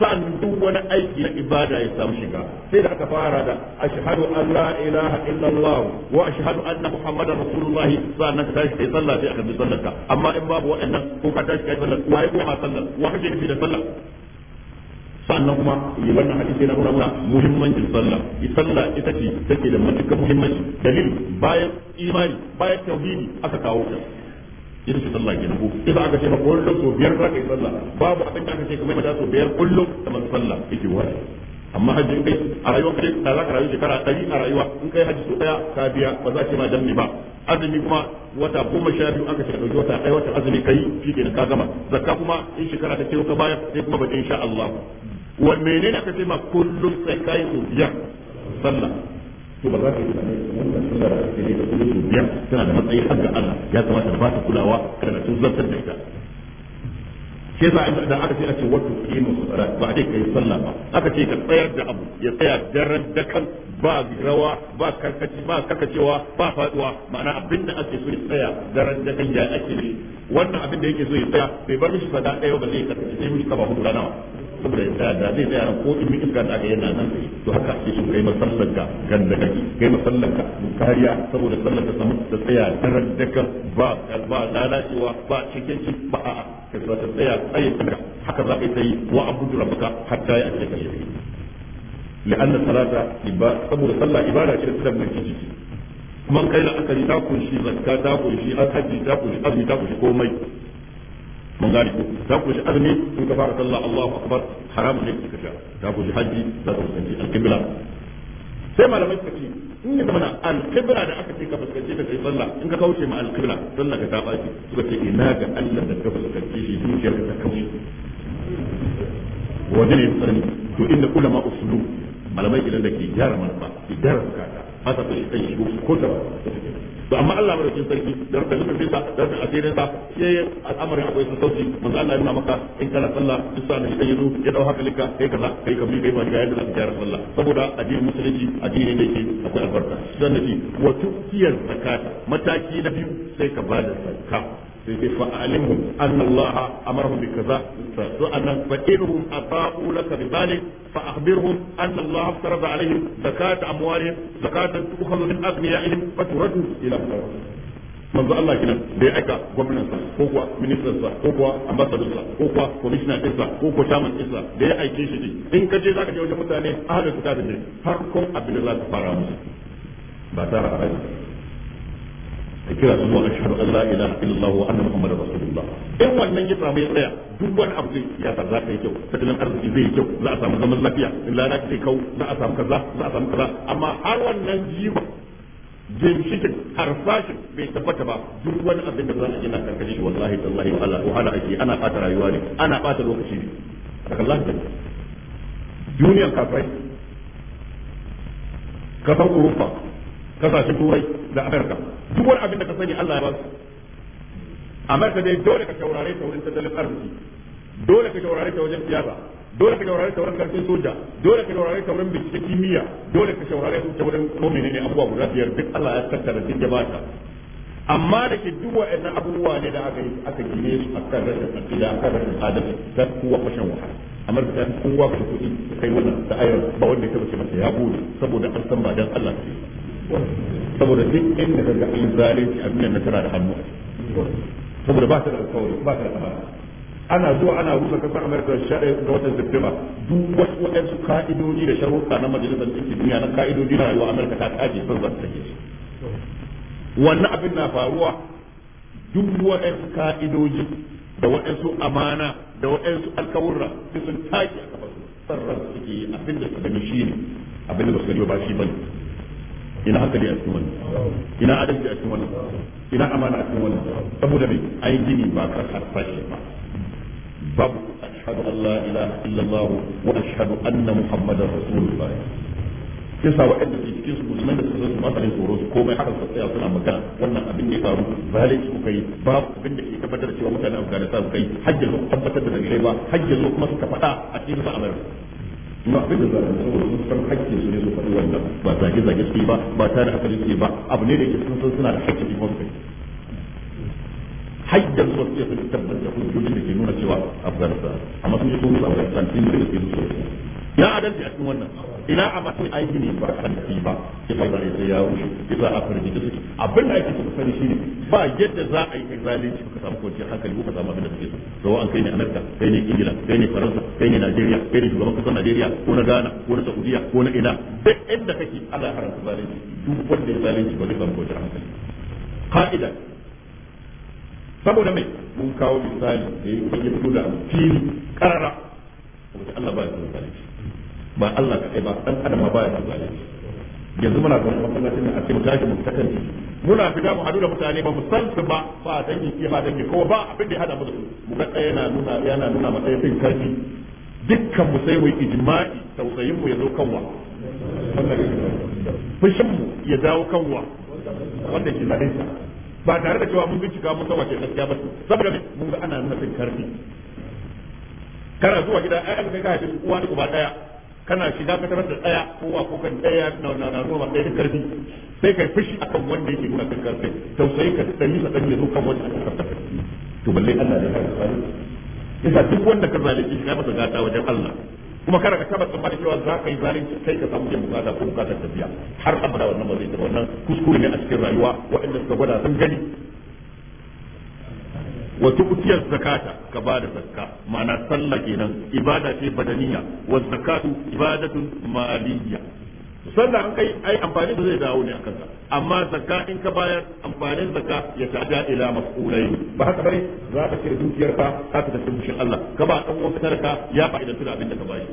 sa'an duk wani aiki na ibada ya samu shiga sai da aka fara da ashhadu an la ilaha illallah wa ashhadu anna muhammadar rasulullah sa'an ka tashi sai sallah sai aka bi ta amma in babu wa'annan ko ka tashi kai sallah wa ko kuma sallah wa kake bi da sallah sannan kuma yi wannan hadisi na nuna muna muhimmancin sallah sallah ita ce take da matukar muhimmanci dalil bayan imani bayan tauhidi aka kawo ta yin su sallah kenan ko idan aka ce maka kullum so biyar za ka yi sallah babu abin da aka ce kamar da so biyar kullum kamar sallah yake wani amma hajji in kai a rayuwa kai da za ka rayu shekara ɗari a rayuwa in kai hajji so ɗaya ka biya ba za a ce ma danne ba azumi kuma wata goma sha biyu aka shiga ɗauki wata ɗaya wata azumi kai shi kenan ka gama zakka kuma in shekara ta ce ka bayar sai kuma ba insha Allah wa menene aka ce ma kullum sai kai so biyar sallah to ba za ka yi tunani wannan sunna da ake da kullu su biya tana da matsayi har ga Allah ya kamata ba ta kulawa kana tun zartar da ita shi yasa da aka ce a ce wato kima tsara ba a ce yi sallah ba aka ce ka tsayar da abu ya tsaya daren dakan ba rawa ba karkaci ba kakacewa ba faduwa ma'ana abin da ake so ya tsaya daren dakan ya ake ne wannan abin da yake so ya tsaya bai bar mishi fada ɗaya ba zai karkaci sai mishi kaba hudu nawa saboda da da zai tsaya ko in bi iska da aka yana nan to haka sai shi kai masallar ka kan da kai kai masallar ka kariya saboda sallar ta samu ta tsaya daren daka ba ba lalacewa ba cikin ba a'a ka ta tsaya tsayin ka haka za ka yi wa abudu rabbaka hatta ya ake kai لأن الصلاة إبادة أبو صلى إبادة تسلم من الجسد من قيل أكل تاكل شيء زكاة تاكل شيء أكل تاكل شيء أكل تاكل شيء كومي mun gane ku za ku ji azumi in ka fara sallah Allahu akbar haramun ne kika sha za ku ji haji za ku fuskanci al-qibla sai malamai suka ce in ya zama al-qibla da aka ce ka fuskanci ka kai sallah in ka kauce ma al-qibla sallah ka ta baki suka ce ina ga Allah da ka fuskanci shi zuciyar ka ta kauce wajen yin tsarni to inda ulama usulu malamai idan da ke gyara manufa ke gyara bukata fasa ta shi kan shi ko ta ba ba amma Allah barakin sarki da rubda zubin bisa da rubda asirin sa sai al'amarin akwai sun sauki manzo Allah nuna maka in kana sallah su sa da shi zo ya dau lika kai kaza kai ka kai ba ga yadda zaka gyara sallah saboda addinin musulunci addini ne ke akwai albarka dan nabi wa tu'tiyaz zakata mataki na biyu sai ka bada zakka sai ce fa'alimhum anna Allah amarhum bi kaza sa'annan fa'inuhum ata'u laka bi dhalik فأخبرهم أن الله افترض عليهم زكاة أموالهم زكاة تؤخذ من أغنيائهم فترد إلى فقراء manzo Allah kenan da ya aika gwamnatinsa ko kuwa ministansa ko kuwa ambassadorsa ko kuwa commissioner ɗinsa ko kuwa chairman ɗinsa da ya aike shi ne in ka je zaka je wajen mutane ahalin su ta har kun abin da za ka fara musu ba tare da da kira zuwa ashhadu an la ilaha illallah wa anna muhammadar rasulullah in wannan ya samu ya tsaya duk wani abu zai ya ta za ka yi kyau tattalin arziki zai yi kyau za a samu zaman lafiya in na zai kau za a samu kaza za a samu kaza amma har wannan jiwa ginshikin harfashin bai tabbata ba duk wani abin da za a gina karkashi shi wallahi tallahi wa ala wahala ake ana bata rayuwa ne ana bata lokaci ne Allah ne duniyar kafai kasar Urufa kasashen Turai da Amurka duk wani abin da ka sani Allah ya ba su Amerika dai dole ka taurare ta wurin tattalin arziki dole ka taurare ta wajen siyasa dole ka taurare ta wurin karfin soja dole ka taurare ta wurin bincike kimiyya dole ka taurare ta wurin ko menene abubuwa guda biyar duk Allah ya tattara cikin gabata amma da ke duk waɗannan abubuwa ne da aka yi aka gine su a kan rashin aƙida a kan rashin adalci ta kowa fashin wahala amma da ta kowa ka kuɗi kai wannan da ayar ba wanda ya taɓa ya gode saboda an san ba dan Allah ce saboda duk inda ka ga an zalunci a duniya nasara da hannu saboda ba ta da alkawari ba ta da ana zuwa ana rusa kasar amurka ga watan september duk wasu waɗansu ka'idoji da sharuɗa na majalisar ɗinkin duniya na ka'idoji na rayuwa amurka ta kaje sun zan take shi wannan abin na faruwa duk waɗansu ka'idoji da waɗansu amana da waɗansu alkawurra sun take a kafa sun sarrafa suke abin da su gani shi ne abin da ba su gani ba shi ne. ina hankali a cikin wannan ina adalci a cikin wannan ina amana a cikin wannan saboda me ai gini ba ka karfashe ba babu ashhadu an la ilaha illallah wa ashhadu anna muhammadar rasulullah sai sa waɗanda ke cikin su musulmai da suka zo su ba su tsoro su komai haka su tsaya suna magana wannan abin da ya faru zalunci kuka yi babu abin da ke tabbatar da cewa mutanen afghanistan suka yi hajjar su tabbatar da dalilai ba hajjar su kuma suka faɗa a cikin su amurka ba abin da zai saboda sun san hakkin su ne su faɗi wannan ba zage zage su ba ba tare da hakan su ba abu ne da ke sun san suna da hakkin su kai hajjar su iya tabbatar da hujjojin da ke nuna cewa afghanistan amma sun yi sun musu afghanistan sun yi da su ya adalci a cikin wannan ina a matsayin aiki ne ba a ciki ba ya fara sai ya wuce ya za a farji da suke abin da ake so sani shine ba yadda za a yi kai zalunci ka samu kwanciyar hankali ko ka samu abin da kake so sawa an kai ne Amerika kai ne Ingila kai ne Faransa kai ne Najeriya kai ne shugaban kasar Najeriya ko na Ghana ko na Saudiya ko na ina duk inda kake Allah haramta zalunci duk wanda ya zalunci ba zai samu kwanciyar hankali ka'ida saboda mai mun kawo misali da ya fito da a fili karara saboda Allah ba ya zalunci ba Allah kaɗai ba ɗan adam ba ya zalunci yanzu muna ga gwamnati ne a cikin mu tashi mu kasance muna fita mu hadu da mutane ba mu san su ba ba dangi ke ba dangi ko ba abin da ya hada mu da su mu ga ɗaya yana nuna yana nuna matsayin fin karfi dukkan mu sai mu yi ijma'i tausayin mu ya zo kanwa fushin mu ya dawo kanwa wanda ke zalin sa ba tare da cewa mun bincika mun san wace gaskiya ba saboda mun ga ana nuna sun karfi kana zuwa gida ai an kai ka haifi uwa da uba daya kana shiga ka tarar da tsaya kowa ko kan daya na na na ruwa da karfi sai kai fushi akan wanda yake nuna kan karfi sai ka tsani ka tsani zo kan wanda aka to balle Allah ne karfafa yasa duk wanda ka zalunci ka masa gata wajen Allah kuma kana ka taba tsammani cewa za ka yi zalunci kai ka samu biyan ka ko tafiya har abada wannan ba zai wannan kuskure ne a cikin rayuwa waɗanda suka gwada sun gani wa tu'tiyaz zakata ka ba da zakka ma'ana sallah kenan ibada ce badaniya wa zakatu ibadatun maliyya sallah an kai ai amfani da zai dawo ne akan sa amma zakka in ka bayar amfanin zakka ya tada ila mas'ulai ba haka bane za ka ce dukiyar ka ka ta mushin Allah ka ba dan uwan ka ya fa'ida da abin da ka bayar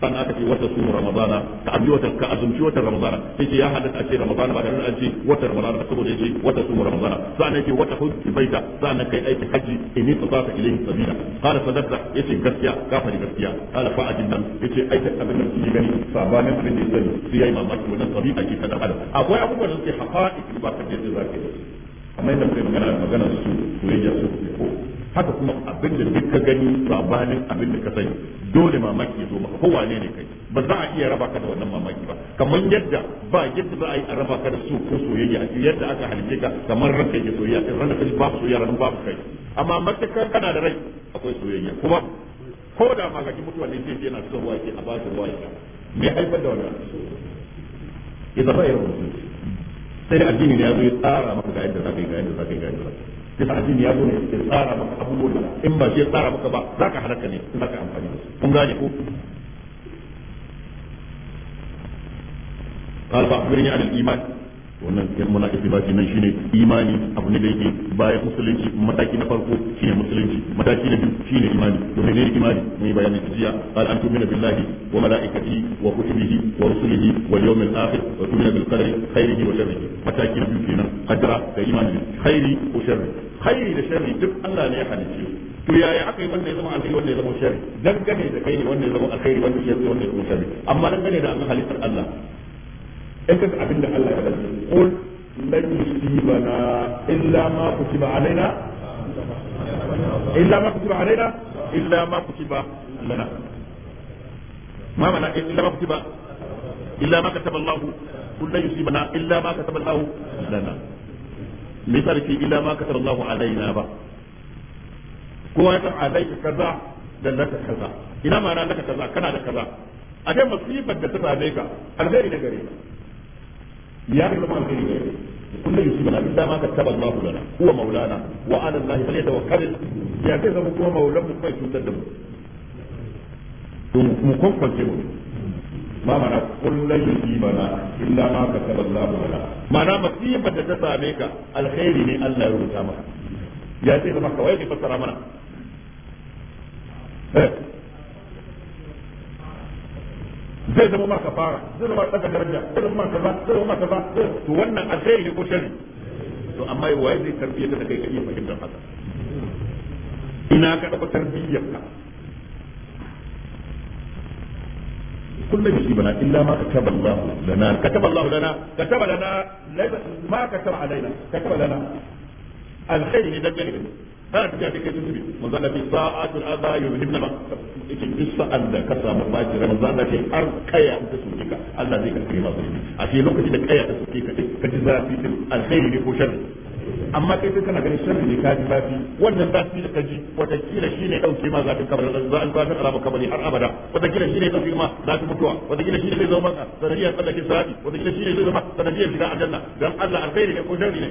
sannan aka ce wata su ramadana ka abi wata ka azumci wata ramadana ce ya halatta ake ramadana ba da nan ce wata ramadana saboda yake wata su ramadana sannan yake wata hujji baita sannan kai aikin haji in ka fasa ilayhi sabila qala sadaqta yace gaskiya ka fadi gaskiya qala fa ajin nan yace aikin abin da kike gani sabanin abin da yake sai yayi mamaki wannan sabila ke kada adam akwai abubuwan da suke hafa'i ba ka da zaka amma idan kai magana magana su soyayya su ko haka kuma abin da duk ka gani sabanin abin da ka sani dole mamaki ya zo maka ko wane ne kai ba za a iya raba ka da wannan mamaki ba kamar yadda ba yadda za a yi a raba ka da su ko soyayya a yadda aka halice ka kamar ranka yake soyayya kan ranka kaji ba soyayya ran ba kai amma matakar kana da rai akwai soyayya kuma ko da ma ga mutuwa ne sai yana son wake a ba shi ruwa me haifar da wannan ya zaba irin mutum sai da addini ne ya zo ya tsara maka ga yadda za ka yi ga yadda za ka yi ga yadda za ka yi bisa addini ya gode ke tsara maka abubuwan da in ba shi tsara maka ba za ka halaka ne za ka amfani da su kun gane ko قال فأخبرني yin الإيمان wannan yan muna ittifaki nan shine imani abu ne da yake bayan musulunci mataki na farko shine musulunci mataki na biyu shine imani to ne imani mai bayanin jiya qala an tu'minu billahi wa malaikatihi wa kutubihi wa rusulihi wal yawmil akhir wa tu'minu bil qadari khairihi wa sharrihi mataki na biyu kenan qadara da imani khairi wa sharri khairi da sharri duk Allah ne ya halicce to yaya aka yi wanda ya zama alkhairi wanda ya zama shari dangane da kai ne wanda ya zama alkhairi wanda ya zama shari amma dangane da abin halittar Allah ita ka abin Allah ya dace ko lan yusibana illa ma kutiba alaina illa ma kutiba alaina illa ma kutiba lana ma mana illa ma kutiba illa ma kataba Allah kul lan yusibana illa ma kataba Allah lana Misal ki illa ma kataba Allah alaina ba ko ya ta alaika kaza da lata kaza ina ma ran da kaza kana da kaza a dai masifar da ta same ka alheri da gare ka ya ga zama alkhairi ne kullu yusibana illa ma kataba Allahu lana huwa maulana wa ala Allah falyatawakkal ya ga zama kuma maulan mu kai cutar da mu to mu kokkonce mu ma mana kullu yusibana illa ma kataba Allahu lana mana masifa da ta same ka alkhairi ne Allah ya rubuta maka ya ce zama kawai ki fassara mana eh. zai zama maka fara zai zama tsaka daraja zai zama maka ba zai zama maka ba to wannan alheri ne ko sharri to amma waye zai tarbiyyar da kai ka iya fahimtar haka ina ka dafa tarbiyyar ka kullum shi bana illa ma kataba Allah lana kataba Allah lana kataba lana ma kataba alaina kataba lana alkhairi ne dangane da kana tafiya kai kai zubi manzo Allah ce sa'atul adha yuhibna ma yake duk sa'an da ka samu baci ran manzo Allah ce har kaya ta soke ka Allah zai karkare ma zubi a ce lokacin da kaya ta soke ka ka ji zafi din alheri ne ko sharri amma kai sai kana ganin sharri ne ka ji zafi wannan zafi da ka ji wata kila shine dauke ma zafin kabarin za an kwata alama kabari har abada wata kila shine dauke ma zafin mutuwa wata kila shine zai zama sanadiyar tsallake sa'i wata kila shine zai zama sanadiyar shiga aljanna dan Allah alheri ne ko sharri ne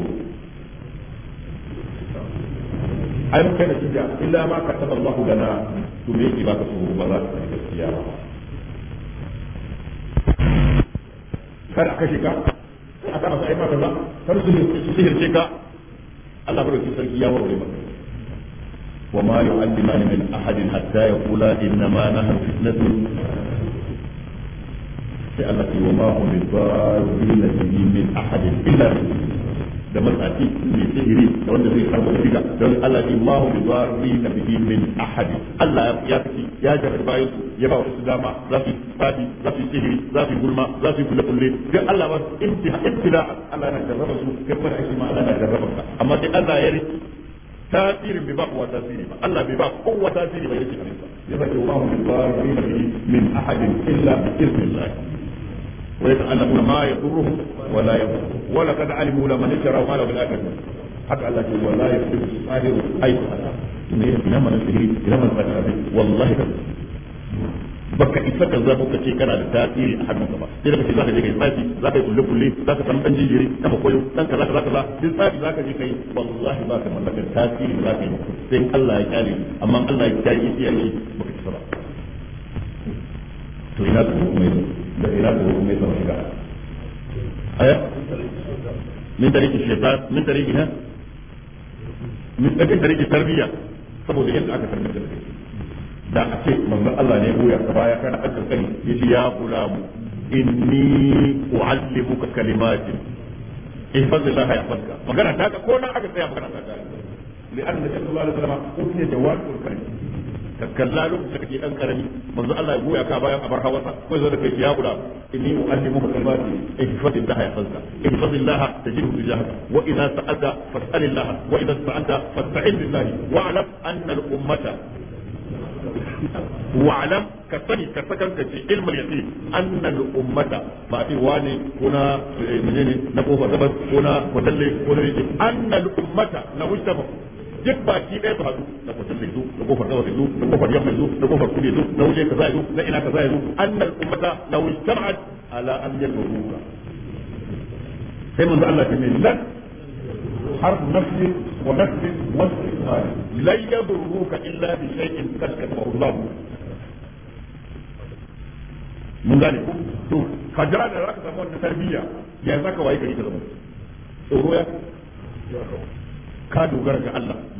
ai mun kai da kinja illa ma ka taba Allah lana to me yake baka tsoro ba za ka yi gaskiya ba kar aka shiga a ta masa aima kaza kar su sihirce ka Allah barkin sarki ya warware maka وما يعلمان من أحد حتى يقولا إنما نحن فتنة سألت وما هم الضالين من أحد إلا بإذنه da matsafi mai sihiri da wanda zai karɓi shiga don Allah illahu bi zarri na bihi min ahadi Allah ya fi ya jarrabe bayan su ya ba wasu dama za su fadi za su sihiri za su gulma za su kulle kulle dan Allah ba ibtila Allah na jarraba su kai fara aiki ma Allah na jarraba ka amma sai Allah ya riki tasirin bai ba kowa tasiri ba Allah bai ba kowa tasiri ba yake kansa ya zaki wa bi zarri na bihi min ahadin illa bi iznillah ويتعلمون ما يضرهم ولا يضرهم ولقد علموا لمن اشتراه ما له بالاخره haka Allah ce wallahi fi sahiru ai ne ina mana sihiri ina mana sihiri wallahi baka isa ka zaba ka ce kana da tasiri a hannunka ba sai da ce zaka je kai tsafi zaka yi kulle kulle zaka san dan jinjiri ka koyo dan kaza kaza kaza din tsafi zaka je kai wallahi baka mallakar tasiri zaka yi sai Allah ya kare amma Allah ya kare shi yayi baka isa ba to ina ka kuma yi da ina ka kuma yi shiga aya min tariki shaitan min tariki ha min tariki saboda yadda aka tarbiyyar da kai a ce manzon Allah ne goya ka baya kana aka sani yace ya gulamu inni uallimuka kalimatin ihfaz Allah ya fadka magana ta ko na aka tsaya magana ta ta li sallallahu alaihi wasallam ko jawabul kalim kalla lokacin da kake dan karami manzo Allah ya goya ka bayan abar hawarsa ko zo da kai ya guda inni muallimuka kalmati wa idza wa idza billah al-ummata ka sani ka sakan ka ce al-ummata ba fi wani kuna eh, menene na kofar gabas kuna al-ummata na duk baki ɗaya su haɗu da mutum mai zu da kofar gabas zu da kofar yamma zu da kofar kudu zu da waje kaza zu da ina kaza zu annal ummata law ijtama'at ala an yadruka sai manzo Allah ke ce lan har nafsi wa nafsi wa nafsi la yadruka illa bi shay'in qad kataba Allah mun gane ko to ka jira da zaka samu wannan tarbiyya ya zaka waye gari ka zama tsoro ya ka dogara ga Allah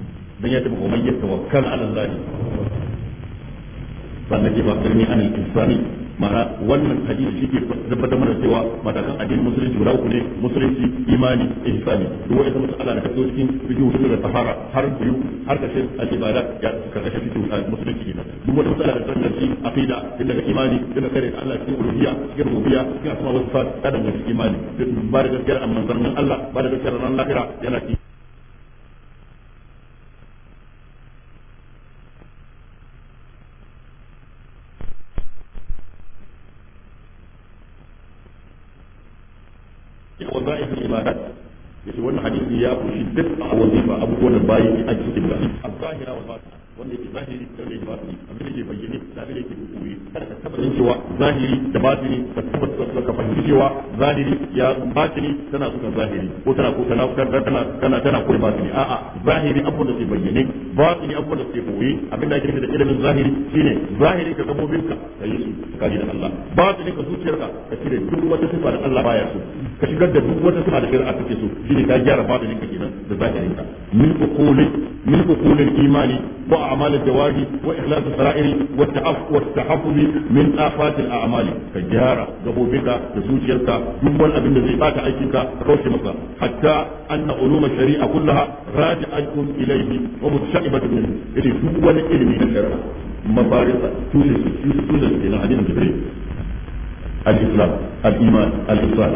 dan ya tafi wa man yatawakkal ala Allah sannan ke ba karni an al-insani ma'ana wannan hadisi shi ke tabbatar mana cewa matakan addinin musulunci guda uku ne musulunci imani ihsani duk wanda mutum Allah da kaso cikin fiqh su da tahara har biyu har kashe al-ibada ya karkashe musulunci kenan duk wanda mutum Allah da kaso cikin aqida inda daga imani inda kare Allah cikin uluhiyya cikin rububiyya cikin asma wa sifat da imani duk ba da gaskiyar annabawan Allah ba da gaskiyar ran yana cikin fi waza'if al-ibadat yace wannan hadisi ya kushi duk a wazifa abubuwan da bayi a cikin da al-zahira wal batin wanda yake zahiri da wanda yake batini abin da yake bayyane abin da yake kada ka taba yin cewa zahiri da batini ka taba ka fahimci cewa zahiri ya batini tana kuka zahiri ko tana ko tana tana tana tana batini a'a zahiri abin da yake bayyane batini abin da yake koyi abin da yake da ilimin zahiri shine zahiri ka gabobin ka kai su ka da Allah batini ka zuciyarka ka cire duk wata sifa da Allah baya so ka shigar da duk wata sifa da shari'a take so shine ka gyara batinin kenan da zahirin min min imani ba أعمال الجواب وإخلاص السرائر والتحفظ من آفات الأعمال كجهارة ذهوبك تزوجيرك دول أبن ذيبات أيكك روشمك حتى أن علوم الشريعة كلها راجعة إليه ومتشعبة منه إذا دول علمي الشرع مبارزة توجد توجد إلى عدم الإسلام الإيمان الإصلاح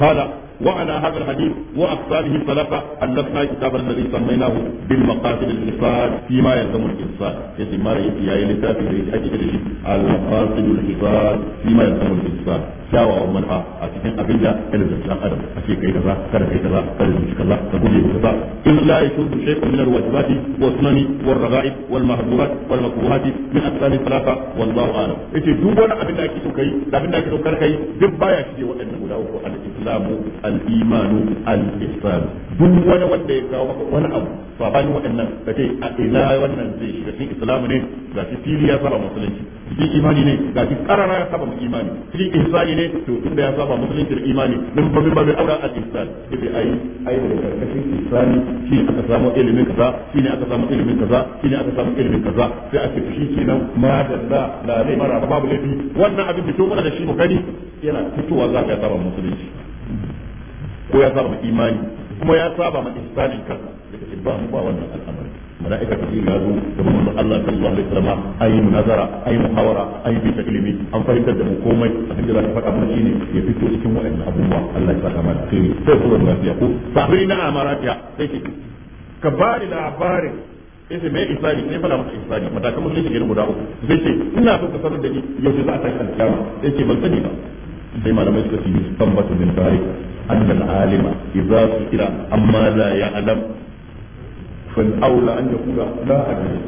قال وعلى هذا الحديث وأقصاله الثلاثة ألفنا كتابا الذي سميناه بالمقاصد الحصاد فيما يلزم الإنسان يسمى رئيس يا يلتا في المقاصد الحصاد فيما يلزم الإنسان kyawawan manufa a cikin abin da kada da dan adam a ce kai kaza kada kai kaza kada zuci kaza ka guje kaza in la yakun shay'un min al-wajibat wa sunani wal raga'ib wal mahdurat wal makruhat min asbab al-salafa wallahu a'lam yace duk wani abin da ake so kai da abin da ake so kar kai duk baya shige waɗannan guda uku al-islam al-iman al-ihsan duk wani wanda ya kawo maka wani abu bani waɗannan kace a ila wannan zai shiga cikin islam ne ga fili ya saba musulunci shi imani ne ga shi karara ya saba imani shi ihsani ne to inda ya saba musulunci da imani dan babin babin aura al ihsan ibi ai ai da karkashin ihsani shi ne aka samu ilimin kaza shi ne aka samu ilimin kaza shi ne aka samu ilimin kaza sai a ce shi kenan ma da da la ne mara babu laifi wannan abin da to mana da shi mu gani yana fitowa za ka saba musulunci ko ya saba imani kuma ya saba ma ihsanin kaza daga ba ba wannan al'amari mala'ika jibril ya zo da manzon Allah sallallahu alaihi wasallam ayi munazara ayi muhawara ayi bi ta an fahimtar da mu komai abin da za ka faɗa mana shine ya fito cikin waɗannan abubuwa Allah ya saka mana kai sai ku rubuta ya ku sabrina amaratiya sai ki ka bari labarin yace mai isani ne fada masa isani matakan musulunci ne guda uku zai ce ina so ka sanar da ni yaushe za a tashi alkiyama yace ban sani ba sai malamai suka ce tambatu min tarikh annal alima idza su'ila amma la ya'lam فالأولى أن يقول لا أدري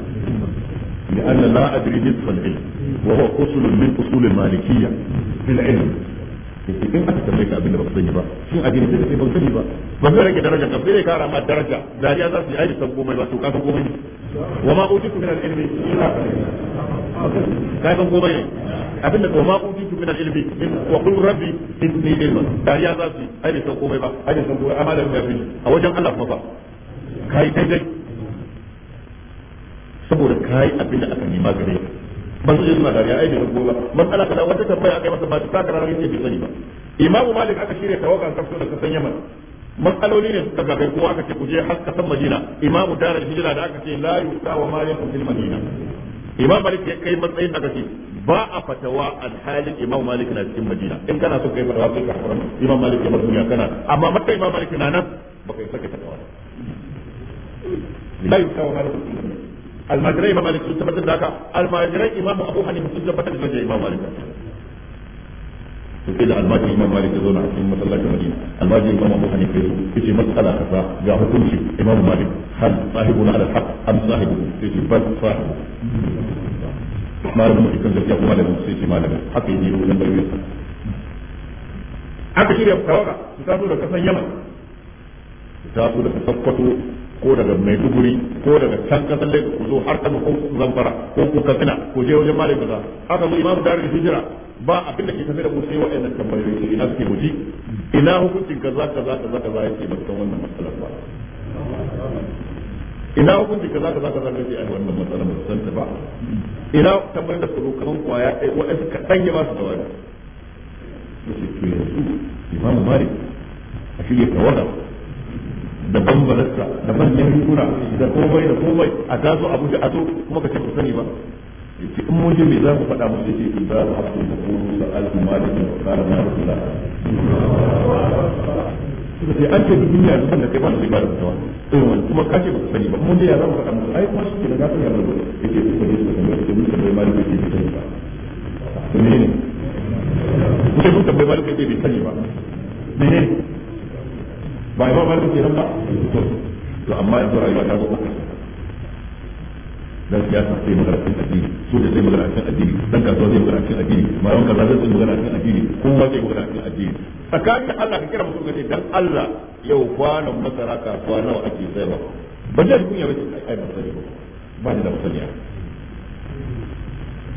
لأن لا أدري نصف العلم وهو أصل من أصول المالكية في العلم in aka tambaye ka abin da ba sani ba shin addini sai kai ban sani ba ban zai rage daraja ka sai kara ma daraja dariya za su yi aiki san komai ba to ka san komai wa ma utitu min al-ilmi illa ka san komai abin da ma utitu min al-ilmi wa qul rabbi inni ilma dariya za su yi aiki san komai ba aiki san komai amma da a wajen Allah kuma ba kai daidai saboda kai abin da aka nema gare ka ban zai suna dariya ai da rago ba matsala kada wata tambaya aka masa ba ta karar yake bi sani ba imamu malik aka shirya tawakan kafto da kasan yaman matsaloli ne suka gabe kuma aka ce kuje har kasan madina imamu darar hijira da aka ce la yusa wa mali fil madina imam malik ya kai matsayin da kace ba a fatawa alhalin imam malik na cikin madina in kana so kai fatawa kai ka fara imam malik ya bar duniya kana amma mata imam malik na nan baka yi saka fatawa bai almajirai imam malik sun tabbatar da haka almajirai imam abu hanifa sun tabbatar da imam malik to sai da almajiri imam malik ya zo na cikin masallacin madina almajiri imam abu hanifa ya zo matsala kaza ga hukunci imam malik hal sahibuna ala alhaq am sahibu yace bal sahibu malamin ikan gaskiya kuma sai ce malamin haka yi aka shirya tawaga su taso da kasan yaman su taso da kasan ko daga maiduguri ko daga can kasan da ku zo har kano ko zamfara ko ku katsina ku je wajen malai kaza haka mu imamu darul hijira ba abin da ke tafi da mu sai wa'annan tambayoyi ina suke muji ina hukuncin kaza kaza kaza kaza yake ba san wannan matsalar ba ina hukunci kaza kaza kaza kace ai wannan matsalar ba san ta ba ina tambayar da tsaro kaman kwaya ai wa'annan kadan ya ba su jawabi to yanzu imamu malik a shirya tawada da bambalarsa da manyan kura da komai da komai a taso abu da azo kuma ka ce ku sani ba yace in mun je me za mu faɗa musu yace in za mu haɗu da ku sa'altu wa qala rasulullah suka ce an ce duniya da kai ba eh, kuma kace ba sani ba mun je ya mu faɗa musu kuma shi ke da gafin yace ku ka su ke sani ba menene ba ba ba ke nan ba to amma yanzu rayuwa ta gobe dan siyasa sai magana cikin addini su da sai magana cikin addini dan kasuwa sai magana cikin addini malaman kaza sai magana cikin addini kowa sai magana cikin addini tsakanin da Allah ka kira mutum ka ce dan Allah yau kwanan masara kasuwa nawa ake sayarwa ba da kun yabe ai ba ba da masaniya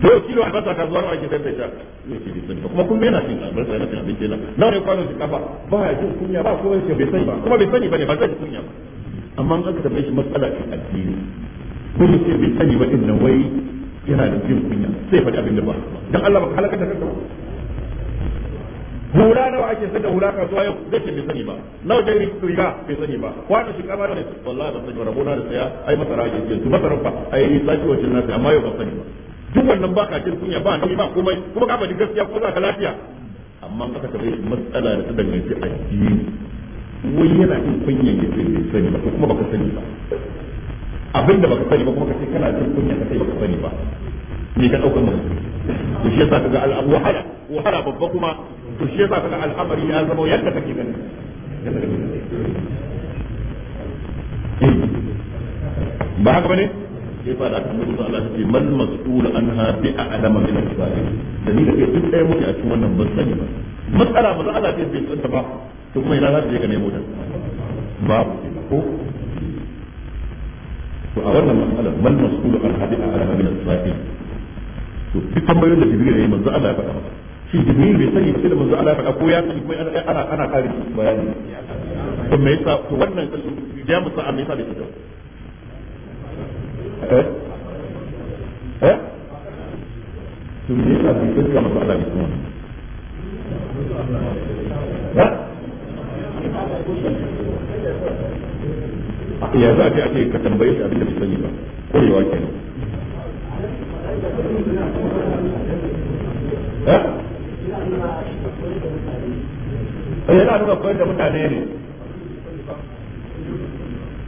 to kilo albasa kasuwa nawa ake sayar da ita kuma kun yana cin albasa yana cin abinci na nawa ne kwano shinkafa ba ya jin kunya ba ko yake bai sani ba kuma bai sani bane ba zai kunya ba amma an aka tambaye shi matsala ce addini ko yake bai sani ba din nan wai yana da jin kunya sai faɗi abin da ba dan Allah ba halaka da kanka hula nawa ake sayar da hula kasuwa yau zai ce bai sani ba nawa da riga bai sani ba kwano shinkafa ne wallahi ba sani ba rabona da saya ai masara ake sayar su masara fa ai sai wacin na sai amma yau ba sani ba duk wannan ba ka jin kunya ba ni ba komai kuma ka faɗi gaskiya kuma za ka lafiya amma aka tabe matsala da ta danganci addini wai yana kunya ne sai bai sani ba kuma baka sani ba abinda baka sani ba kuma ce kana jin kunya ka sai baka sani ba me ka ɗaukar mutum to shi yasa kaga al'abu wahala wahala babba kuma to shi yasa kaga al'amari ya zama yadda kake gani eh. ba haka bane sai fa da kan mutum Allah ce man mas'ul anha bi a'lama min al-ibadi da ni da kai duk ɗaya muke a cikin wannan ban sani ba matsala ba Allah ce bai tsanta ba to kuma ina za ka je ka nemo ta ba ko to a wannan matsala man mas'ul anha bi a'lama min al-ibadi to duk tambayoyin da Jibril ya manzo Allah ya faɗa masa shi jibril bai sani ba sai da manzo Allah ya faɗa ko ya sani kuma ana ana ana kare bayani to me yasa to wannan ya musa amma yasa da shi eh eh to ya za a ka tambaye shi abin da sani ba eh yana nuna koyar da mutane ne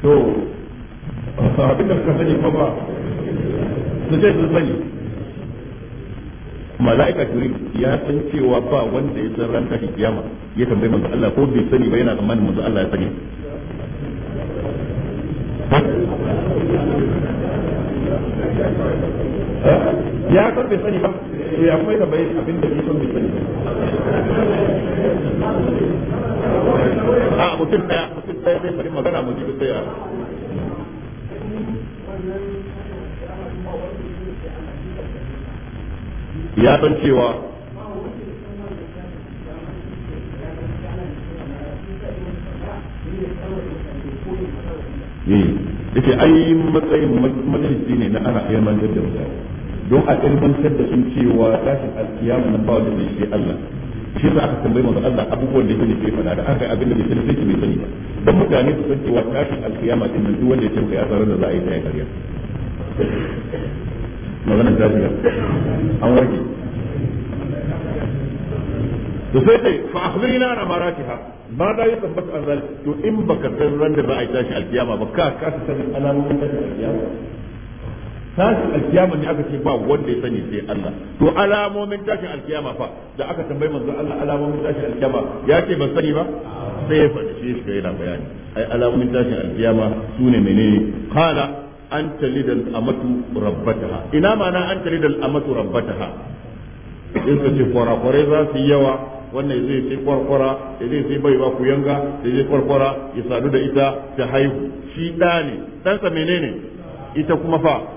to abin da suka sani ko ba su ce su sani mala'ika turi ya san cewa ba wanda ya san ranta tashi kiyama ya tambayi manzo Allah ko bai sani ba yana tsammanin manzo Allah ya sani ya san bai sani ba to eh, ya kuma tambaye abin da ya san bai sani ba a ah, mutum daya mutum daya zai magana mu ji sai ya san cewa eh, yake ai matsayin majalisi ne na ana ilmantar da mutane don a ilmantar da sun cewa tashin alkiyama na ba da shi Allah shi za aka tambayi manzo Allah abubuwan da yake ke fada da aka abin da bai sani sai bai sani ba dan mutane su san cewa tashin alkiyama din nan duk wanda ya ce ya tsara da za a yi sai kariya magana ta biya an warke to sai dai fa akhbirina an amaratiha ma da ya tabbata an zalika to in baka san ran da za a yi tashi alkiyama ba ka ka san alamomin tashi alkiyama tashin alkiyama ne aka ce ba wanda ya sani sai Allah to alamomin tashin alkiyama fa da aka tambayi manzo Allah alamomin tashin alkiyama ya ce ban sani ba sai ya faɗi shi shi yana bayani ai alamomin tashin alkiyama sune menene qala an lidal amatu rabbataha ina mana an talida al-amatu rabbataha in ka ce kwarai za su yi yawa wannan zai sai kwarkwara zai sai baiwa ku yanga zai kwarkwara ya sadu da ita ta haihu shi ɗa ne ɗansa menene ita kuma fa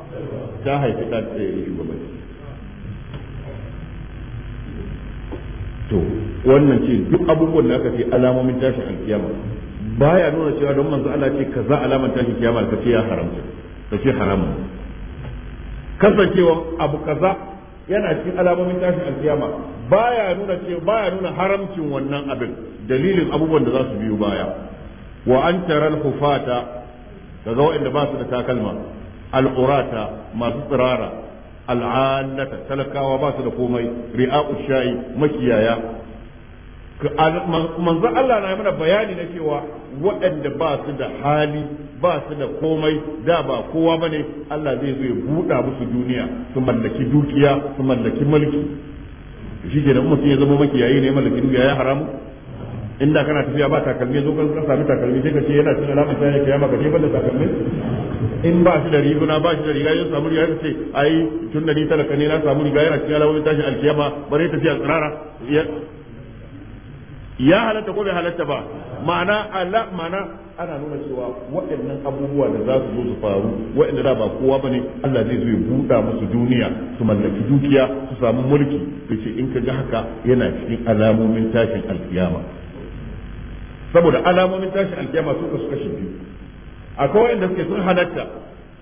ta haifi ta tsaye yi shugabanci to wannan ce duk abubuwan da aka ce alamomin tashin alkiyama baya nuna cewa don manzo Allah ce kaza alamar tashin kiyama ka ce ya haramta ka ce haramu kasancewa abu kaza yana cikin alamomin tashin alkiyama baya nuna ce baya nuna haramcin wannan abin dalilin abubuwan da za su biyo baya wa an taral hufata kaga waɗanda ba su da takalma al'urata masu tsirara al'alata talakawa ba su da komai ri'a'u shayi makiyaya manzo Allah na mana bayani na cewa waɗanda ba su da hali ba su da komai da ba kowa bane Allah zai zo ya buɗa musu duniya su mallaki dukiya su mallaki mulki shi ke da mutum ya zama makiyayi ne mallaki dukiya ya haramu inda kana tafiya ba takalmi zo kan sami takalmi sai ka ce yana cikin alamar sai kiyama ka ce ban da takalmi in ba shi da riguna ba shi da riga ya samu riga ya ce ai tun da ni talaka ne na samu riga yana cikin alamar tashi alkiyama bare tafiya tsirara ya halatta ko bai halatta ba ma'ana ala ma'ana ana nuna cewa waɗannan abubuwa da za su zo su faru waɗanda da ba kowa bane Allah zai zo ya buɗa musu duniya su mallaki dukiya su samu mulki to ce in ka ga haka yana cikin alamomin tashin alkiyama saboda alamomin tashin alkiyama suka suka shi biyu akwai wanda suke sun halatta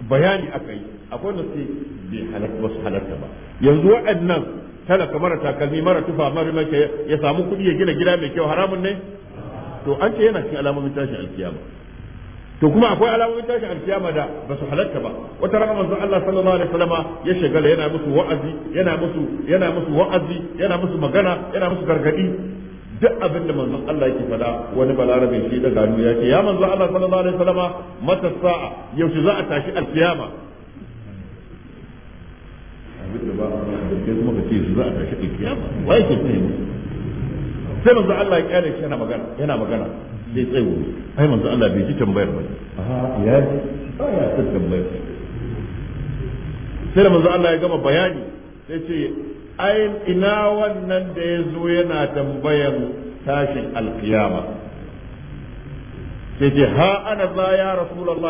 bayani aka yi akwai wanda suke bai halatta ba su halatta ba yanzu waɗannan talaka mara takalmi mara tufa mara mai ya samu kuɗi ya gina gida mai kyau haramun ne to an ce yana cikin alamomin tashin alkiyama to kuma akwai alamomin tashin alkiyama da ba su halatta ba wata rana manzo Allah sallallahu alaihi wasallama ya shagala yana musu wa'azi yana musu yana musu wa'azi yana musu magana yana musu gargadi duk abin da manzon Allah yake faɗa wani balarabe shi da gano ya ce ya Allah sallallahu alaihi wasallama mata sa'a yaushe za a tashi alkiyama abin da ba a kuma ka ce za a tashi alkiyama wai ke tsaye sai Allah ya shi yana magana yana magana sai tsaye ai Allah bai ji tambayar ba a ya ji ba ya san tambayar sai Allah ya gama bayani sai ce ayin ina wannan da ya zo yana tambayan tashin alkiyama sai ce ha ana za ya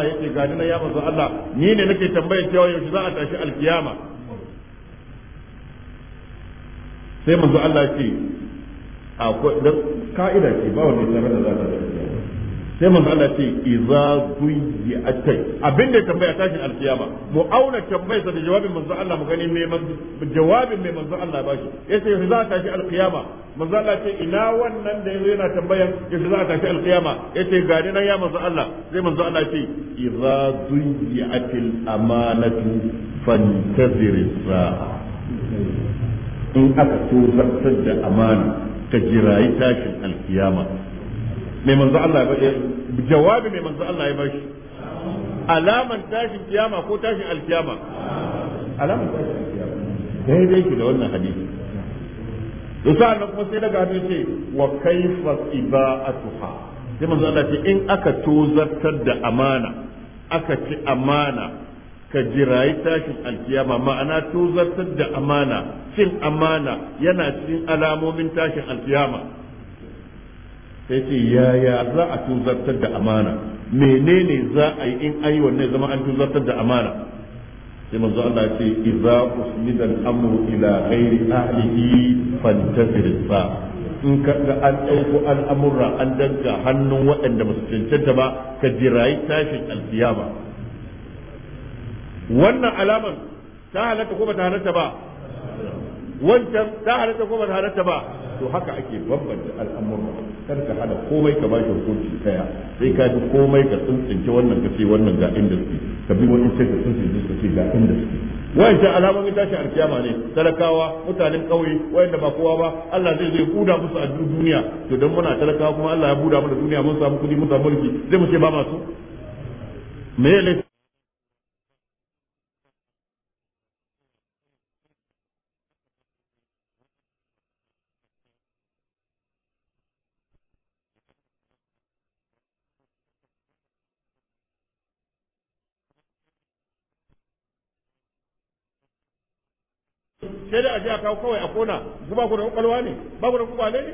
ya ce gani na ya manzo Allah ni ne nake tambayar cewa yaushe za a tashi alkiyama sai manzo Allah ce akwai ka'ida ce ba wani ya da za ta tashi sai manzo Allah ce idza zuyyatai abinda tambaya tashin alkiyama mu auna tambayar da jawabin manzo Allah mu gani me jawabin me manzo Allah ba shi yace yanzu za ta shi alkiyama manzo Allah ce ina wannan da yana tambayar yanzu za ta shi alkiyama yace ga nan ya manzo Allah sai manzo Allah ce idza zuyyatil amanatu fantazir sa'a in aka tozartar da amana ka jirayi tashin alkiyama mai manzo Allah ya eh, jawabi mai manzo Allah ya bashi alaman tashin kiyama ko tashin alkiyama alaman tashin kiyama. dai dai ki da wannan hadisi to sa'an kuma sai daga hadisi ce wa kaifa iba'atuha sai manzo Allah ce in aka tozartar da amana aka ci amana ka jirayi tashin alkiyama ma'ana tozartar da amana cin amana yana cikin alamomin tashin alkiyama sai ce yaya za a tuzartar da amana menene za a yi in ayi wannan zama an tuzartar da amana sai manzo Allah ce idza usnida al-amru ila ghairi ahlihi fantazir sa in ka ga an dauko al'amura an danka hannun waɗanda ba su cancanta ba ka jirayi tashin alkiyama wannan alaman ta halatta ko ba ta halatta ba wancan ta halatta ko ba ta halatta ba to haka ake bambanta al'amurra kar ka hada komai ka bashi hukunci kaya sai ka bi komai ka tsintsinke wannan ka ce wannan ga inda suke ka bi wani sai ka tsintsinke ka ce ga inda suke wayancan alamomin tashi alkiyama ne talakawa mutanen ƙauye wayanda ba kowa ba Allah zai zai buda musu a duniya to dan muna talakawa kuma Allah ya buda mana duniya mun samu kudi mun samu mulki zai mu ce ba masu me ne sai da aje a kawo kawai a kona ku ba ku da kwakwalwa ne ba ku da kwakwale ne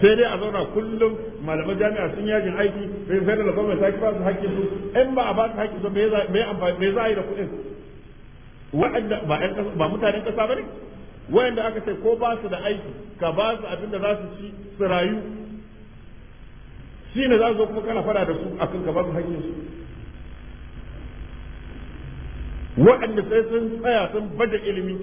sai dai a zauna kullum malaman jami'a sun yajin aiki sai sai da gwamnati sai ba su hakkin su in ba a ba su hakkin su me za a yi da kuɗin wa'anda ba mutanen ƙasa ba ne wa'anda aka ce ko ba su da aiki ka ba su abin da za su ci su rayu shi ne za su zo kuma kana fara da su akan ka ba su hakkin su waɗanda sai sun tsaya sun bada ilimi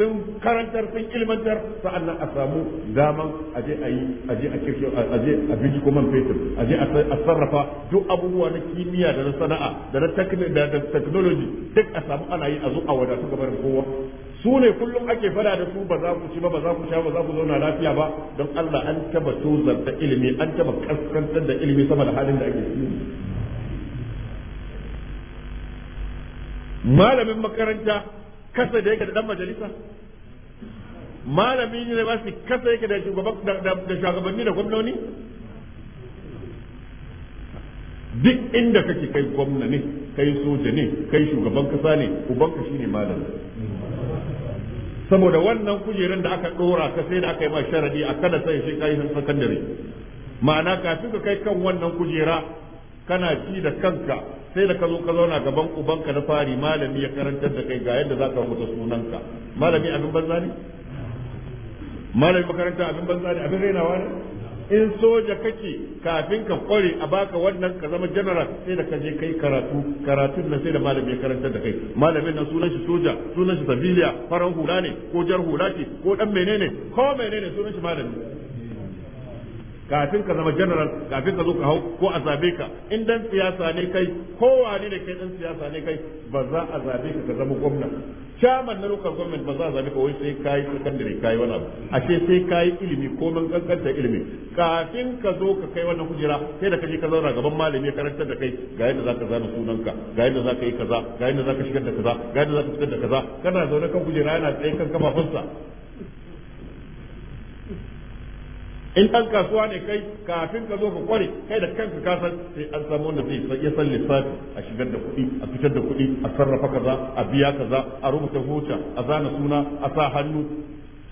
sun karantar sun ilmantar sa'annan a samu daman je a yi je a kirki aje a biji kuma fetur je a sarrafa duk abubuwa na kimiyya da na sana'a da na technology duk a samu ana yi a zo a wadatu gabar kowa su ne kullum ake fada da su ba za ku ci ba ba za ku sha ba za ku zauna lafiya ba don Allah an taba da ilimi an taba kaskantar da ilimi sama da halin da ake ciki malamin makaranta kasa da yake da dan majalisa malamin university kasa yake da shugabanni da gwamnoni duk inda kake kai gwamna ne kai soja ne kai shugaban kasa ne ka shine malami saboda wannan kujerun da aka dora ka sai da aka yi ma sharadi a kada sai shi kai sakandare ma'ana kafin ka kai kan wannan kujera kana ji da kanka sai da ka zo ka zauna gaban ubanka na fari malami ya karantar da kai ga yadda za ka rubuta sunanka malami abin banza ne malami makaranta abin banza ne abin rainawa ne in soja kake kafin ka kware a baka wannan ka zama general sai da ka je kai karatu karatun nan sai da malami ya karanta da kai malamin nan sunan shi soja sunan shi sabiliya farar hula ne ko jar hula ce ko dan menene ko menene sunan shi malami kafin ka zama general kafin ka zo ka hau ko a zabe ka in dan siyasa ne kai kowane ne kai dan siyasa ne kai ba za a zabe ka ka zama gwamna chairman na local government ba za a zabe ka wai sai kai secondary kai wani abu ashe sai kai ilimi ko mun kankanta ilimi kafin ka zo ka kai wannan kujera sai da kaje ka zauna gaban malami ka karantar da kai ga yadda zaka zana sunanka ga yadda zaka yi kaza ga yadda zaka shigar da kaza ga yadda zaka shigar da kaza kana zaune kan kujera yana tsaye kan kafafunsa in ɗan kasuwa ne kai kafin ka zo ka kware kai da kanka ka san sai an samu wanda zai ya san lissafi a shigar da kuɗi a fitar da kuɗi a sarrafa kaza a biya kaza a rubuta hota a zana suna a sa hannu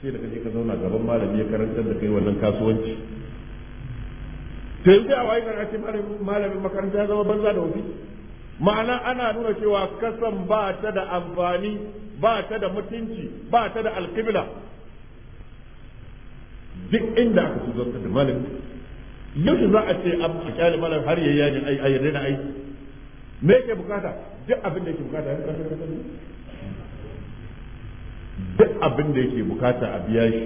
sai da kaje ka zauna gaban malami ya karantar da kai wannan kasuwanci Sai sai a wayi kan ce malamin makaranta ya zama banza da wofi ma'ana ana nuna cewa kasan ba ta da amfani ba ta da mutunci ba ta da alkibla duk inda aka su zartar da malam yaushe za a ce a kyale malam har yayi yajin ai ai daina ai me yake bukata duk abin da yake bukata ya kasance kasance duk abin da yake bukata a biya shi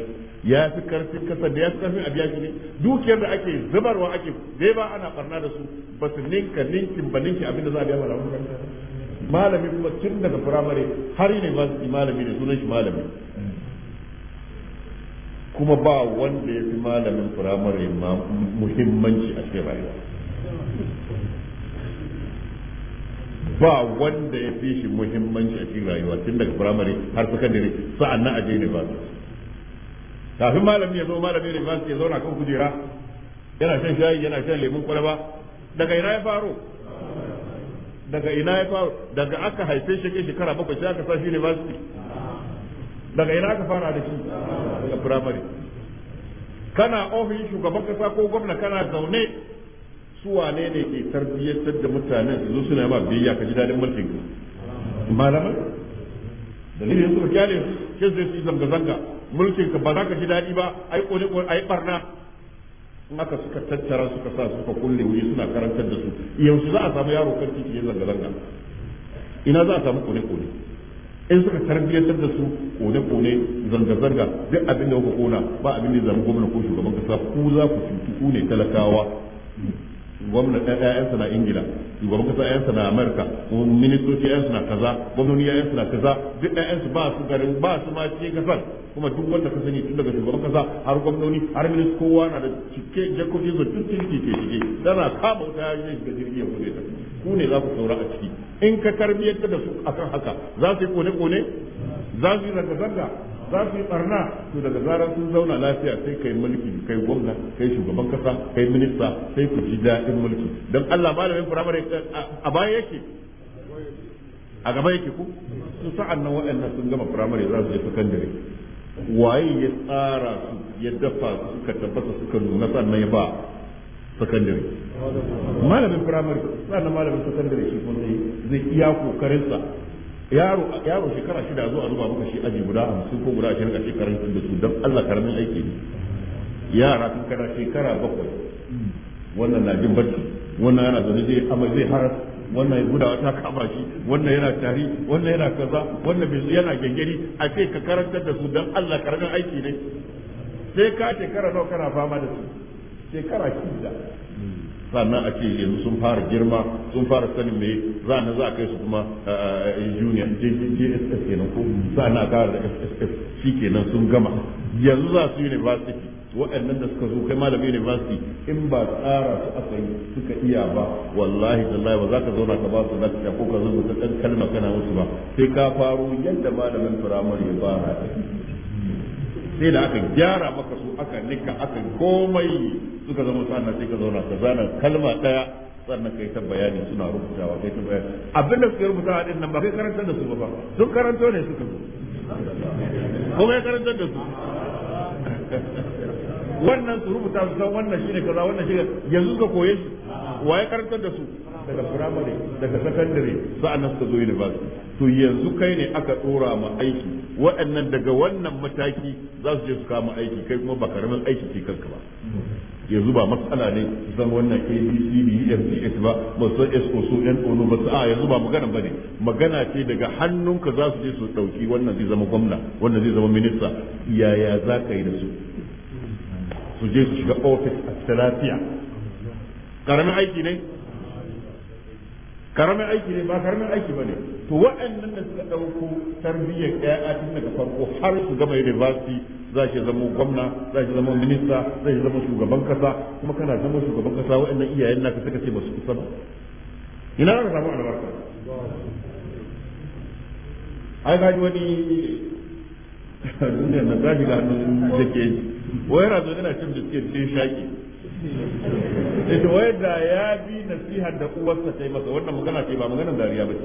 ya fi karfin kasa da ya fi karfin a biya shi ne dukiyar da ake zubarwa ake dai ba ana barna da su ba su ninka ninkin ba ninki abin da za a biya malamin makaranta malami kuma tun daga firamare har ne ba malami da sunan shi malami kuma ba wanda ya fi malamin firamare ma muhimmanci a cikin rayuwa ba wanda ya fi shi muhimmanci a cikin rayuwa tun daga firamare har sakandare sa'an na a je university kafin malami ya zo malami university ya zauna kan kujera yana shan shayi yana shan lemun kwalaba daga ina ya faro daga ina ya faro daga aka haife shi shekara bakwai sai aka sa shi university daga ina aka fara da shi daga firamare kana ofishin shugaban kasa ko gwamna kana zaune su wane ne ke tarbiyyar da mutanen su zo suna ma biyayya ka ji dadin mulkin ka malaman dalilin su kyale ke zai su zanga zanga mulkin ka ba za ka ji dadi ba ai kone kone ai barna in aka suka tattara suka sa suka kulle wuri suna karantar da su yanzu za a samu yaro kan titi zanga zanga ina za a samu kone kone in suka tarbiyyantar da su kone kone zanga zanga duk abin da kuka kona ba abin da zama gwamna ko shugaban kasa ku za ku cutu ku ne talakawa gwamna ƴaƴansa na ingila shugaban kasa ƴaƴansa na amurka ministoci ƴaƴansa na kaza gwamnoni ƴaƴansa na kaza duk ƴaƴansu ba su garin ba su ma cikin kasar kuma duk wanda ka sani tun daga shugaban kasa har gwamnoni har ministoci kowa na da cike jakobi su duk cikin ke cike tana kama wuta ya yi shiga jirgin ya kuɗe ta ku ne za ku saura a ciki in ka tarbiyyar da su akan haka za su yi kone-kone za su yi zanga-zanga za su yi barna su daga zarar sun zauna lafiya sai kai mulki kai gwamna kai shugaban kasa kai minista sai ku ji daɗin mulki don Allah ba da malamin firamare a baya yake a gaba yake ku su sa'an nan waɗannan sun gama firamare za su je sakandare waye ya tsara su ya dafa su suka tabbata suka nuna sannan ya ba sakandare malamin firamare sannan malamin sakandare shi kuma zai iya kokarinsa yaro yaro shekara shida zuwa ruba muka shi aji guda hamsin ko guda ashirin a shekarun da su don Allah karamin aiki ne yara sun kana shekara bakwai wannan na jin barci wannan yana zaune zai amai zai har wannan gudawa ta kama shi wannan yana tari wannan yana kaza wannan bai yana gengeri a ce ka karantar da su don Allah karamin aiki ne sai ka shekara nawa kana fama da su shekara shida sannan a ce yanzu sun fara girma sun fara sanin me za na za a kai su kuma junior jss kenan ko sannan a kara da sss shi kenan sun gama yanzu za su university waɗannan da suka zo kai malamin university in ba tsara su aka yi suka iya ba wallahi tallahi ba za ka zauna ka ba su lafiya ko ka zo ka ɗan kalma kana musu ba sai ka faro yadda malamin firamare ya fara sai da aka gyara maka su aka nika aka komai suka zama su ana ka zauna ka zana kalma daya sannan kai ta bayani suna rubutawa kai ta bayani abinda suke rubuta a nan ba kai karantar da su ba sun karanto ne suka zo Ko kai karantar da su wannan su rubuta su san wannan shine kaza wannan shine yanzu ka koye su wa ya karantar da su daga firamare daga sakandare sa'annan suka zo university to yanzu kai ne aka dora ma aiki waɗannan daga wannan mataki za su je su kama aiki kai kuma ba karamin aiki ke kanka ba yanzu ba matsala ne su wannan abc bfds e ba ba san so su no ba su a yanzu ba magana ba ne magana ce daga hannunka za su je su ɗauki wannan zai zama gwamna wannan zai zama minista yaya za ka yi da su su je su shiga ofis a lafiya karamin aiki ne karamin aiki ne ba karamin aiki ba ne to waɗannan da suka ɗauko tarbiyyar ƴaƴa tun daga farko har su gama university za shi zama gwamna za shi zama minista za shi zama shugaban kasa kuma kana zama shugaban kasa waɗannan iyayen naka suka ce ba su kusa ba ina za ka samu albarka ai ga wani duniyar na, za ki ga hannun jake wai razo yana cin biskit sai shaki ita eh, wai da ya bi nasiha da uwarsa ta yi masa wannan magana ce ba maganar dariya ba ce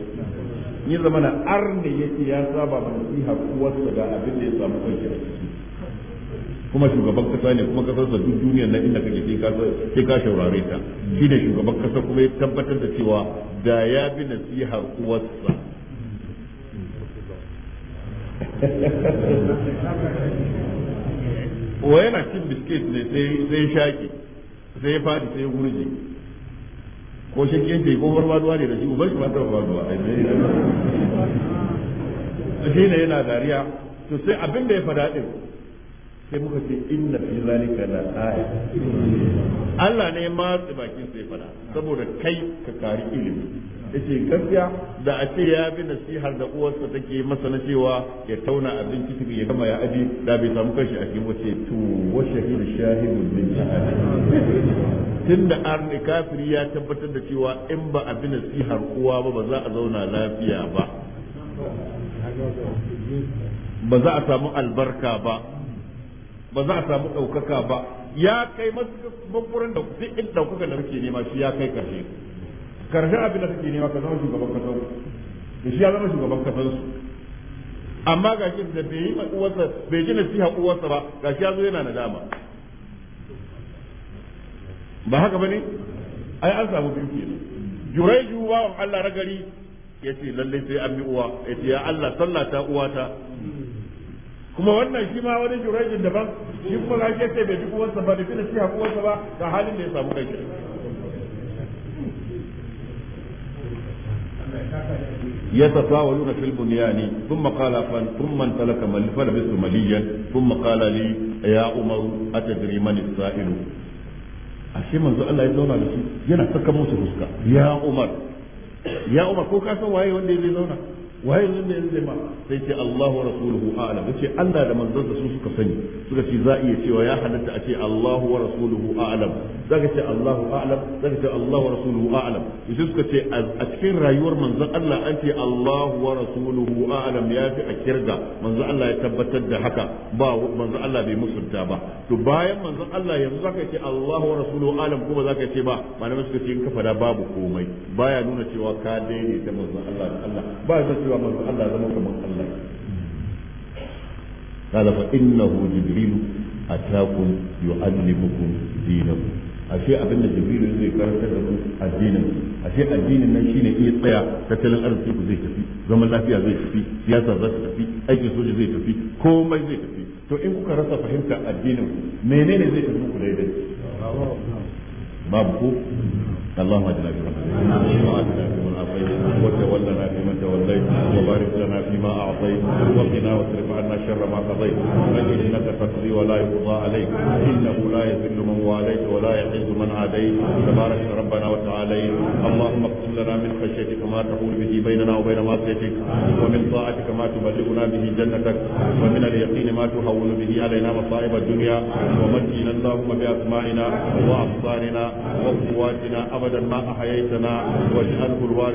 ni zama na arne yake ya saba ma nasiha uwarsa ga abin da ya samu kanshi kuma shugaban kasa ne kuma kasar sa duk duniyar na inda kake sai ka sai ka shaurare ta shi da shugaban kasa kuma ya tabbatar da cewa da ya bi nasiha uwarsa wa yana cin biskit ne sai sai shaki sai ya faɗi sai ya gurje ko ke ce ko farfaduwa ne da shi uban shi ba ta farfaduwa shi ne yana dariya to sai abin da ya fada ɗin sai muka ce inna fi zalika la aya Allah ne ma bakin sai fada saboda kai ka kari ilimi yace gaskiya da a ce ya bi nasihar da uwarsa take masa na cewa ya tauna abin kitibi ya gama ya aji da bai samu kanshi a cikin wace to wa shahid shahidun min tunda arni kafiri ya tabbatar da cewa in ba a bi nasihar uwa ba ba za a zauna lafiya ba ba za a samu albarka ba ba za a samu ɗaukaka ba ya kai masu babburan da duk ɗaukaka da muke nema shi ya kai ƙarshe karshen abin da suke nema ka zama shugaban kasar da shi ya zama shugaban kasar su amma ga shi da bai yi uwarsa bai ji nasiha uwarsa ba ga shi ya zo yana nadama ba haka bane ai an samu biyu kenan juraiju wa Allah ragari yace lalle sai an bi uwa yace ya Allah sallata uwata kuma wannan shi ma wani jurajin daban shi kuma ga shi sai bai ji uwarsa ba da shi nasiha uwarsa ba ga halin da ya samu kai يتطاولون في البنيان ثم قال ثم انطلق فلبثت مليا ثم قال لي يا عمر اتدري من السائل ashe manzo Allah ya zauna da shi yana saka musu fuska ya Umar ya Umar ko ka san waye wanda zai zauna wayan ne zai ma sai ce Allahu rasuluhu a'lam yace Allah da manzon su suka sani suka ce za iya cewa ya halatta a ce Allahu wa rasuluhu a'lam zaka ce Allahu a'lam zaka ce Allahu wa rasuluhu a'lam yace suka ce a cikin rayuwar manzon Allah an ce Allahu wa rasuluhu a'lam ya fi a kirga manzon Allah ya tabbatar da haka ba manzon Allah bai musunta ba to bayan manzon Allah yanzu zaka ce Allahu wa rasuluhu a'lam kuma zaka ce ba malamai suka ce in ka fada babu komai baya nuna cewa ka daidaita manzon Allah da Allah ba zai cewa wa manzo Allah zama kamar Allah قال فإنه جبريل أتاكم يعلمكم دينكم ashe abin da jibrilu zai karantar da ku addinin ashe addinin nan shine iya tsaya tattalin arziki ku zai tafi zaman lafiya zai tafi siyasa za ta tafi aikin soja zai tafi komai zai tafi to in kuka rasa fahimta addinin menene zai tafi ku daidai babu ko قضيت وتولنا فيما توليت وبارك لنا فيما اعطيت وقنا واصرف عنا شر ما قضيت فانك تقضي ولا يقضى عليك انه لا يذل من واليت ولا يعز من عاديت تبارك ربنا وتعاليت اللهم اقسم لنا من خشيتك ما تحول به بيننا وبين معصيتك ومن طاعتك ما تبلغنا به جنتك ومن اليقين ما تهون به علينا مصائب الدنيا ومجينا اللهم باسمائنا وابصارنا وقواتنا ابدا ما احييتنا واجعله الوارث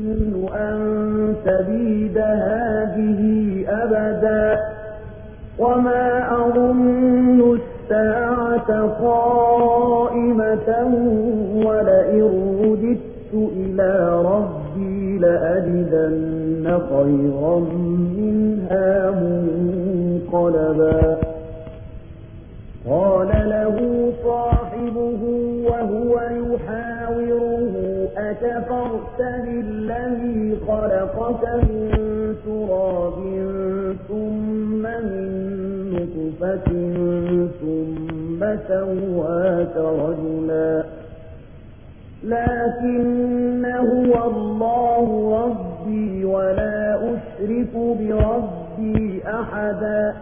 يمكن أن تبيد هذه أبدا وما أظن الساعة قائمة ولئن رددت إلى ربي لأجدن خيرا منها منقلبا قال له صاحبه وهو يحاسب فكفرت بالذي خلقك من تراب ثم من نطفة ثم سواك رجلا لكن هو الله ربي ولا أشرك بربي أحدا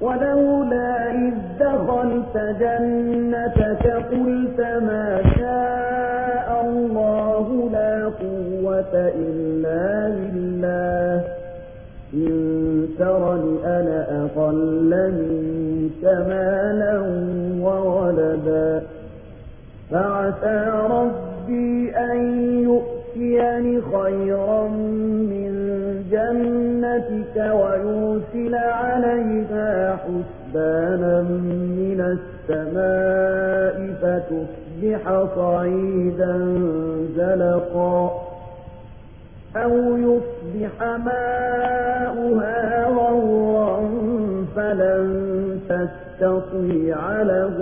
ولولا إذ دخلت جنتك قلت ما شاء الله لا قوة إلا بالله إن ترني أنا أقل منك مالا وولدا فعسى ربي أن يؤتيني خيرا من جنتك ويرسل عليها حسبانا من السماء فتصبح صعيدا زلقا أو يصبح ماؤها غورا فلن تستطيع له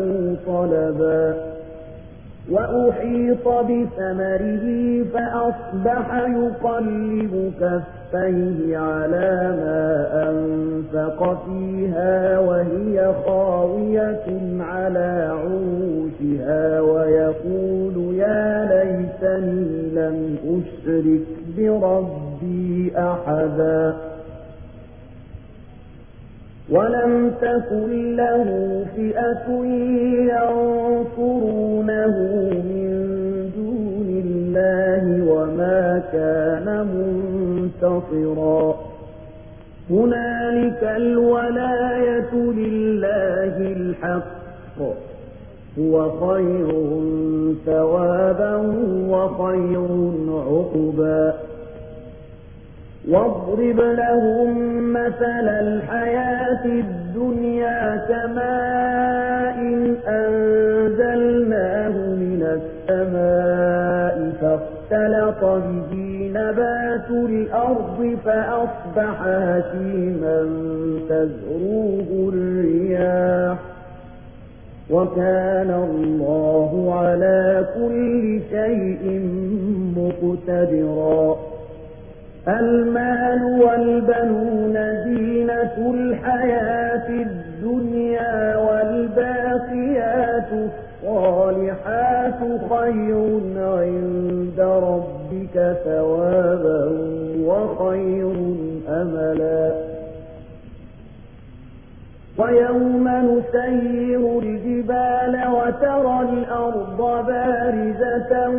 طلبا وأحيط بثمره فأصبح يقلب كفيه على ما أنفق فيها وهي خاوية على عروشها ويقول يا ليتني لم أشرك بربي أحداً ولم تكن له فئة ينصرونه من دون الله وما كان منتصرا هنالك الولاية لله الحق هو خير ثوابا وخير عقبا واضرب لهم مثل الحياة الدنيا كماء إن أنزلناه من السماء فاختلط به نبات الأرض فأصبح هشيما تزروه الرياح وكان الله على كل شيء مقتدرا المال والبنون زينة الحياة الدنيا والباقيات الصالحات خير عند ربك ثوابا وخير أملاً ويوم نسير الجبال وترى الأرض بارزة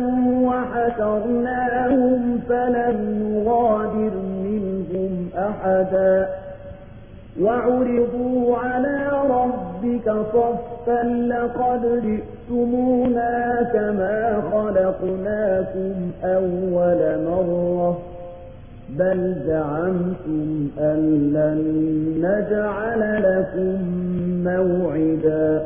وحشرناهم فلم نغادر منهم أحدا وعرضوا على ربك صفا لقد جئتمونا كما خلقناكم أول مرة بل زعمتم أن لن نجعل لكم موعدا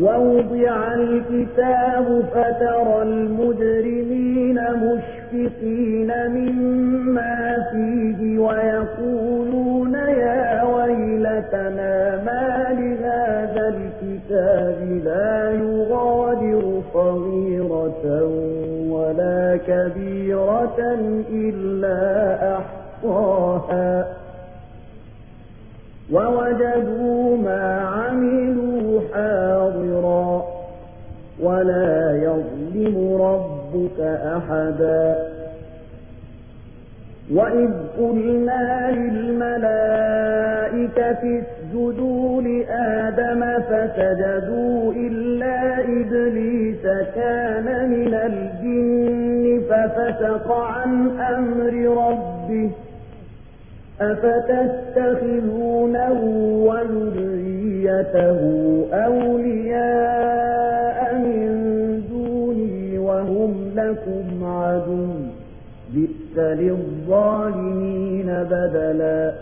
ووضع الكتاب فترى المجرمين مشفقين مما فيه ويقولون يا ويلتنا ما لهذا الكتاب لا يغادر صغيرة ولا كبيرة إلا أحصاها ووجدوا ما عملوا حاضرا ولا يظلم ربك أحدا وإذ قلنا للملائكة اسجدوا لآدم فسجدوا إلا إبليس كان من الجن ففسق عن أمر ربه أفتتخذونه وذريته أولياء من دوني وهم لكم عدو بئس للظالمين بدلاً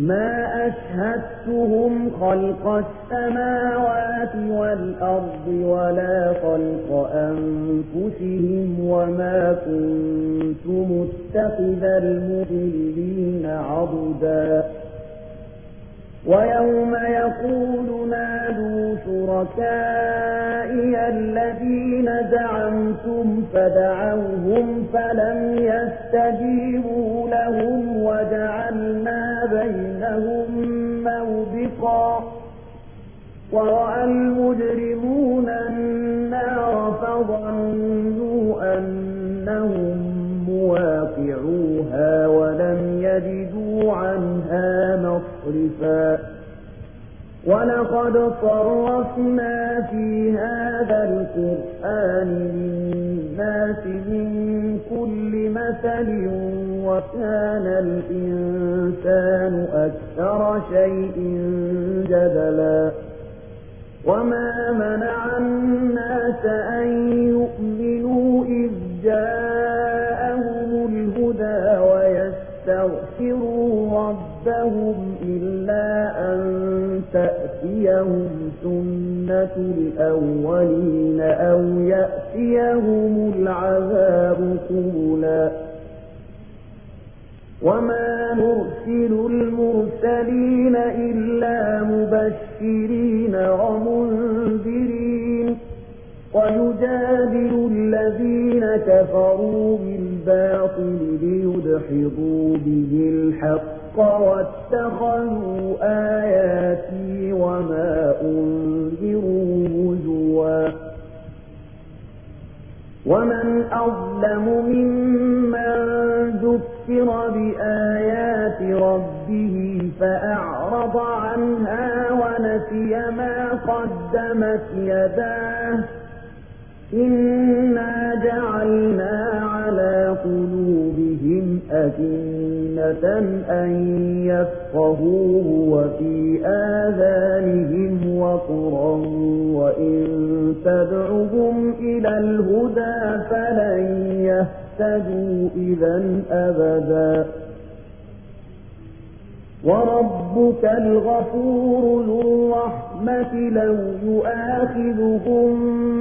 ما أشهدتهم خلق السماوات والأرض ولا خلق أنفسهم وما كنت متخذ المسلمين عضداً ويوم يقول نادوا شركائي الذين زعمتم فدعوهم فلم يستجيبوا لهم وجعلنا بينهم موبقا ورأى المجرمون النار فظنوا أنهم مواقعوها ولم يجدوا عنها مصرفا ولقد صرفنا في هذا القرآن للناس من كل مثل وكان الإنسان أكثر شيء جدلا وما منع الناس أن يؤمنوا إذ جاءوا يستغفروا ربهم إلا أن تأتيهم سنة الأولين أو يأتيهم العذاب قبلا وما نرسل المرسلين إلا مبشرين ومنذرين ويجادل الذين كفروا بالباطل ليدحضوا به الحق واتخذوا آياتي وما أنذروا هزوا ومن أظلم ممن ذكر بآيات ربه فأعرض عنها ونسي ما قدمت يداه إنا جعلنا على قلوبهم أكنة أن يفقهوه وفي آذانهم وقرا وإن تدعهم إلى الهدى فلن يهتدوا إذا أبداً وربك الغفور ذو الرحمة لو يؤاخذهم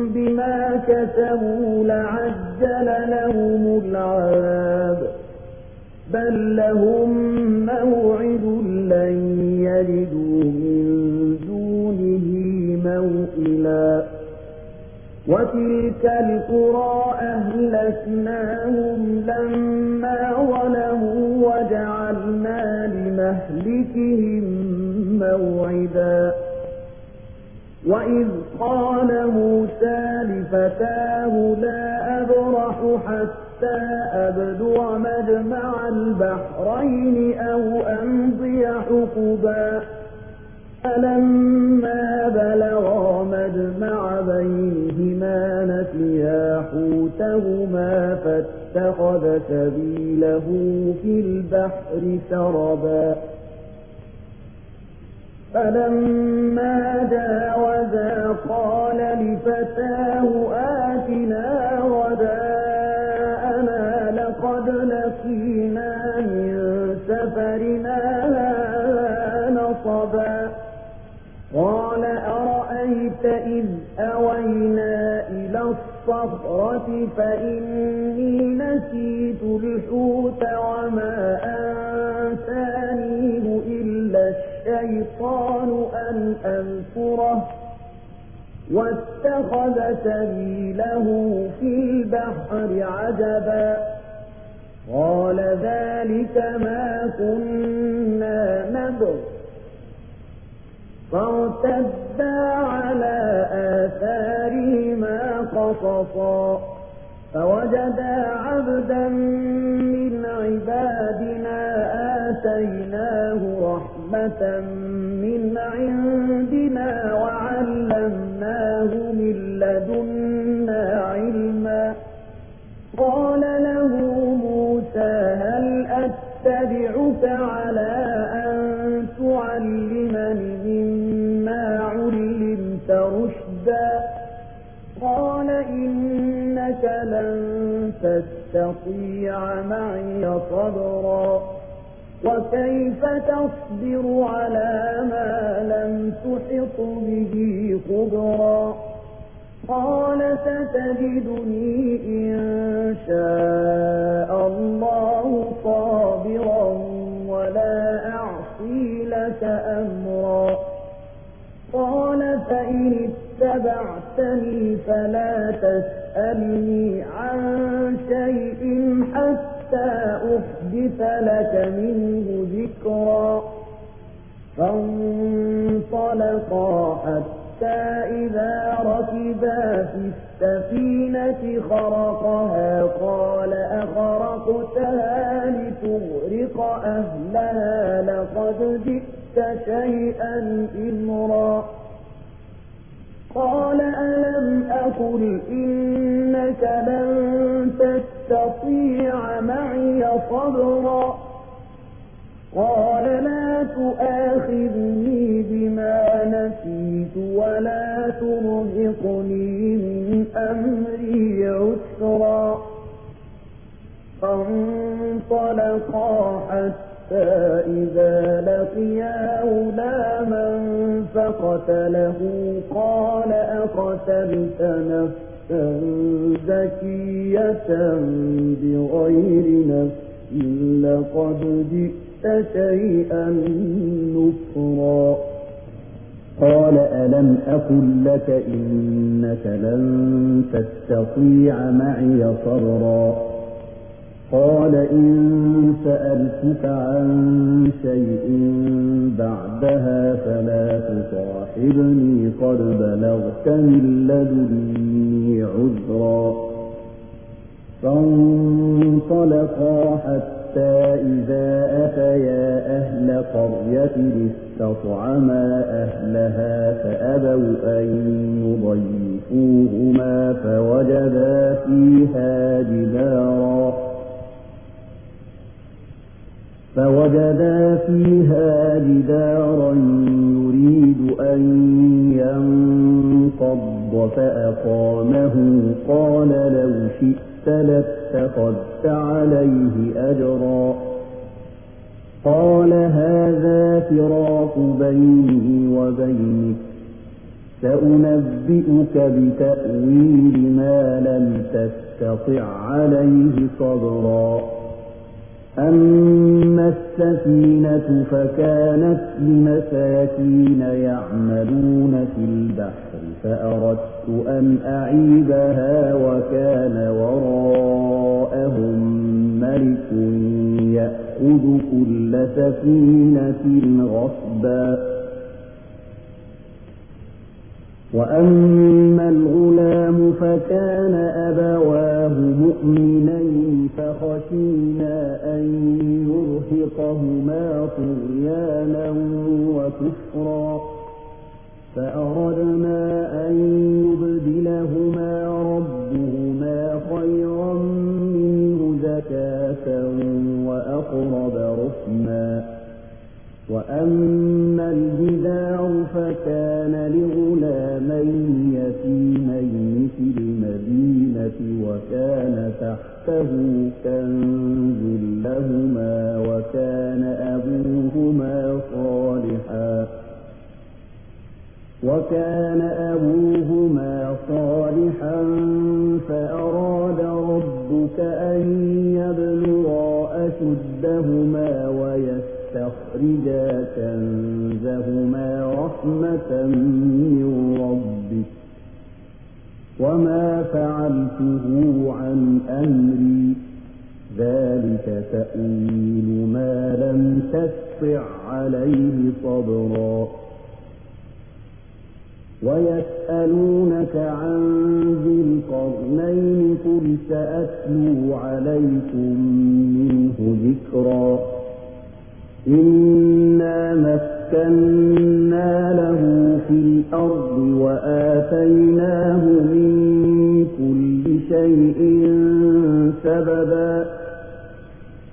بما كسبوا لعجل لهم العذاب بل لهم موعد لن يجدوا من دونه موئلا وتلك القرى أهلكناهم لما ظلموا لِمَهْلِكِهِم مَّوْعِدًا وَإِذْ قَالَ مُوسَى لِفَتَاهُ لَا أَبْرَحُ حَتَّى أَبْلُغَ مَجْمَعَ الْبَحْرَيْنِ أَوْ أَمْضِيَ حُقُبًا فلما بلغا مجمع بينهما نسيا حوتهما فاتقا اتخذ سبيله في البحر سربا فلما جاوزا قال لفتاه آتنا الصخرة فإني نسيت الحوت وما أنسانيه إلا الشيطان أن أنكره واتخذ سبيله في البحر عجبا قال ذلك ما كنا نبغي فارتدا على آثارهما قصصا فوجدا عبدا من عبادنا آتيناه رحمة من عندنا وعلمناه من لدنا علما قال له موسى هل أتبعك على أن تعلمني قال إنك لن تستطيع معي صبرا وكيف تصبر على ما لم تحط به خبرا قال ستجدني إن شاء الله صابرا ولا أعصي لك أمرا قال فإن اتبعتني فلا تسألني عن شيء حتى أحدث لك منه ذكرا فانطلقا حتى إذا ركبا في السفينة خرقها قال أخرقتها لتغرق أهلها لقد جئت جئت شيئا إمرا قال ألم أقل إنك لن تستطيع معي صبرا قال لا تؤاخذني بما نسيت ولا ترزقني من أمري عسرا فانطلقا حتى حتى إذا لقيا غلاما فقتله قال أقتلت نفسا زكية بغير نفس لقد جئت شيئا نكرا قال ألم أقل لك إنك لن تستطيع معي صبرا قال إن سألتك عن شيء بعدها فلا تصاحبني قد بلغت من لدني عذرا فانطلقا حتى إذا أتيا أهل قرية استطعما أهلها فأبوا أن يضيفوهما فوجدا فيها جدارا فوجدا فيها جدارا يريد أن ينقض فأقامه قال لو شئت لاتخذت عليه أجرا قال هذا فراق بيني وبينك سأنبئك بتأويل ما لم تستطع عليه صبرا أما السفينة فكانت لمساكين يعملون في البحر فأردت أن أعيبها وكان وراءهم ملك يأخذ كل سفينة غصباً وأما الغلام فكان أبواه مؤمنين فخشينا أن يرهقهما طغيانا وكفرا فأردنا أن يبدلهما ربهما خيرا منه زكاة وأقرب رحما وأما الجدار فكان لغيره كان تحته كنز لهما وكان أبوهما صالحا وكان أبوهما صالحا فأراد ربك أن يبلغا أشدهما ويستخرجا كنزهما رحمة من ربك وما فعلته عن أمري ذلك تأويل ما لم تستع عليه صبرا ويسألونك عن ذي القرنين قل سأتلو عليكم منه ذكرا إنا مكنا له في الأرض وآتيناه من كل شيء سببا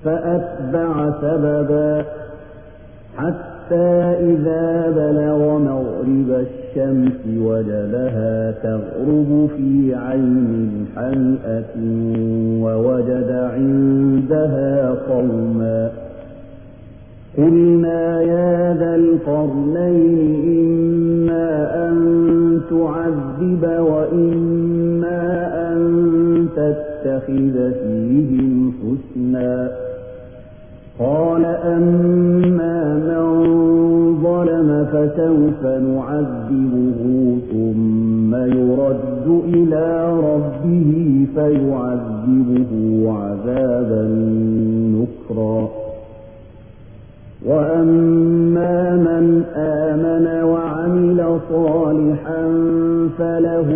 فأتبع سببا حتى إذا بلغ مغرب الشمس وجدها تغرب في عين حيئة ووجد عندها قوماً قلنا يا ذا القرنين إما أن تعذب وإما أن تتخذ فيهم حسنا قال أما من ظلم فسوف نعذبه ثم يرد إلى ربه فيعذبه عذابا نكرا وأما من آمن وعمل صالحا فله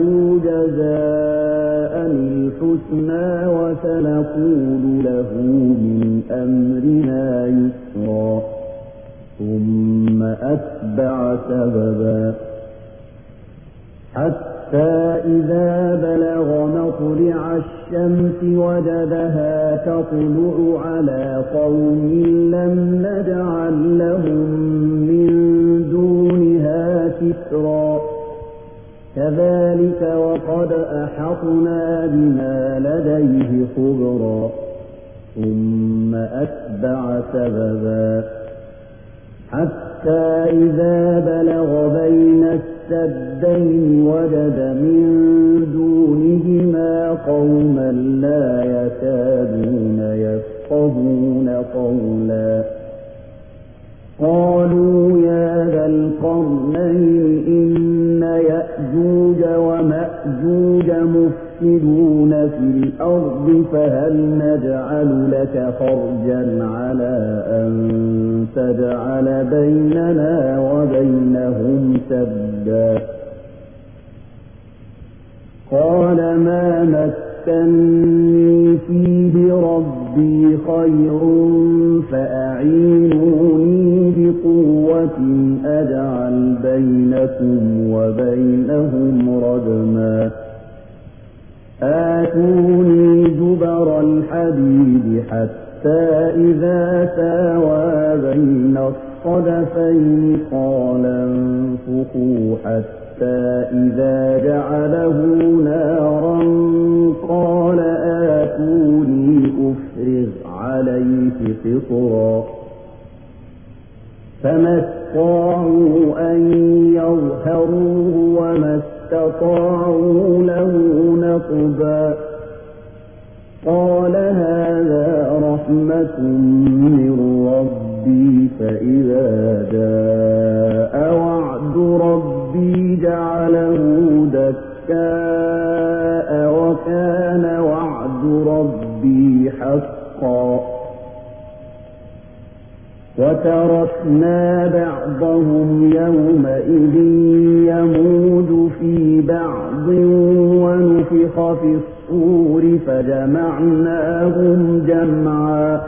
جزاء الحسنى وسنقول له من أمرنا يسرا ثم أتبع سببا حتى إذا بلغ مطلع الشمس وجدها تطلع على قوم لم نجعل كذلك وقد أحطنا بما لديه خبرا ثم أتبع سببا حتى إذا بلغ بين السدين وجد من دونهما قوما لا يكادون يفقهون قولا قالوا يا ذا القرنين إن يأجوج ومأجوج مفسدون في الأرض فهل نجعل لك خرجا على أن تجعل بيننا وبينهم سدا قال ما مكني فيه ربي خير فأعينوني قوة أجعل بينكم وبينهم ردما آتوني جبر الحديد حتى إذا ساوى بين الصدفين قال انفقوا حتى إذا جعله نارا قال آتوني أفرغ عليه قطرا فما استطاعوا أن يظهروه وما استطاعوا له نقبا قال هذا رحمة من ربي فإذا جاء وعد ربي جعله دكاء وكان وعد ربي حقا وتركنا بعضهم يومئذ يمود في بعض ونفخ في الصور فجمعناهم جمعا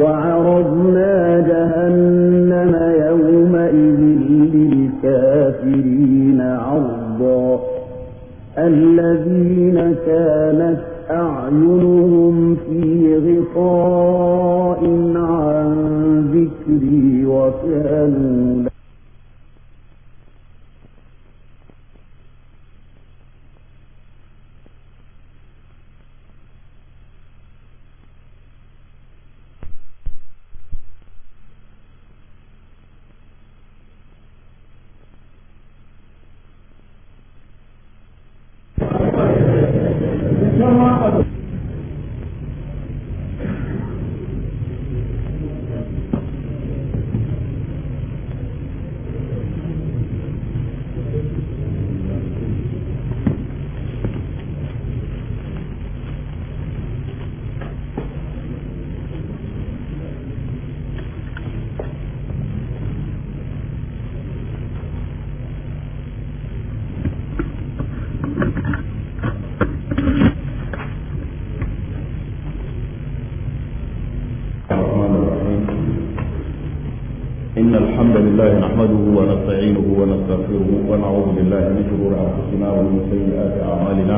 وعرضنا جهنم يومئذ للكافرين عرضا الذين كانت أعينهم في غطاء عن ذكري وكانوا kuma abu الله نحمده ونستعينه ونستغفره ونعوذ بالله من شرور انفسنا ومن سيئات اعمالنا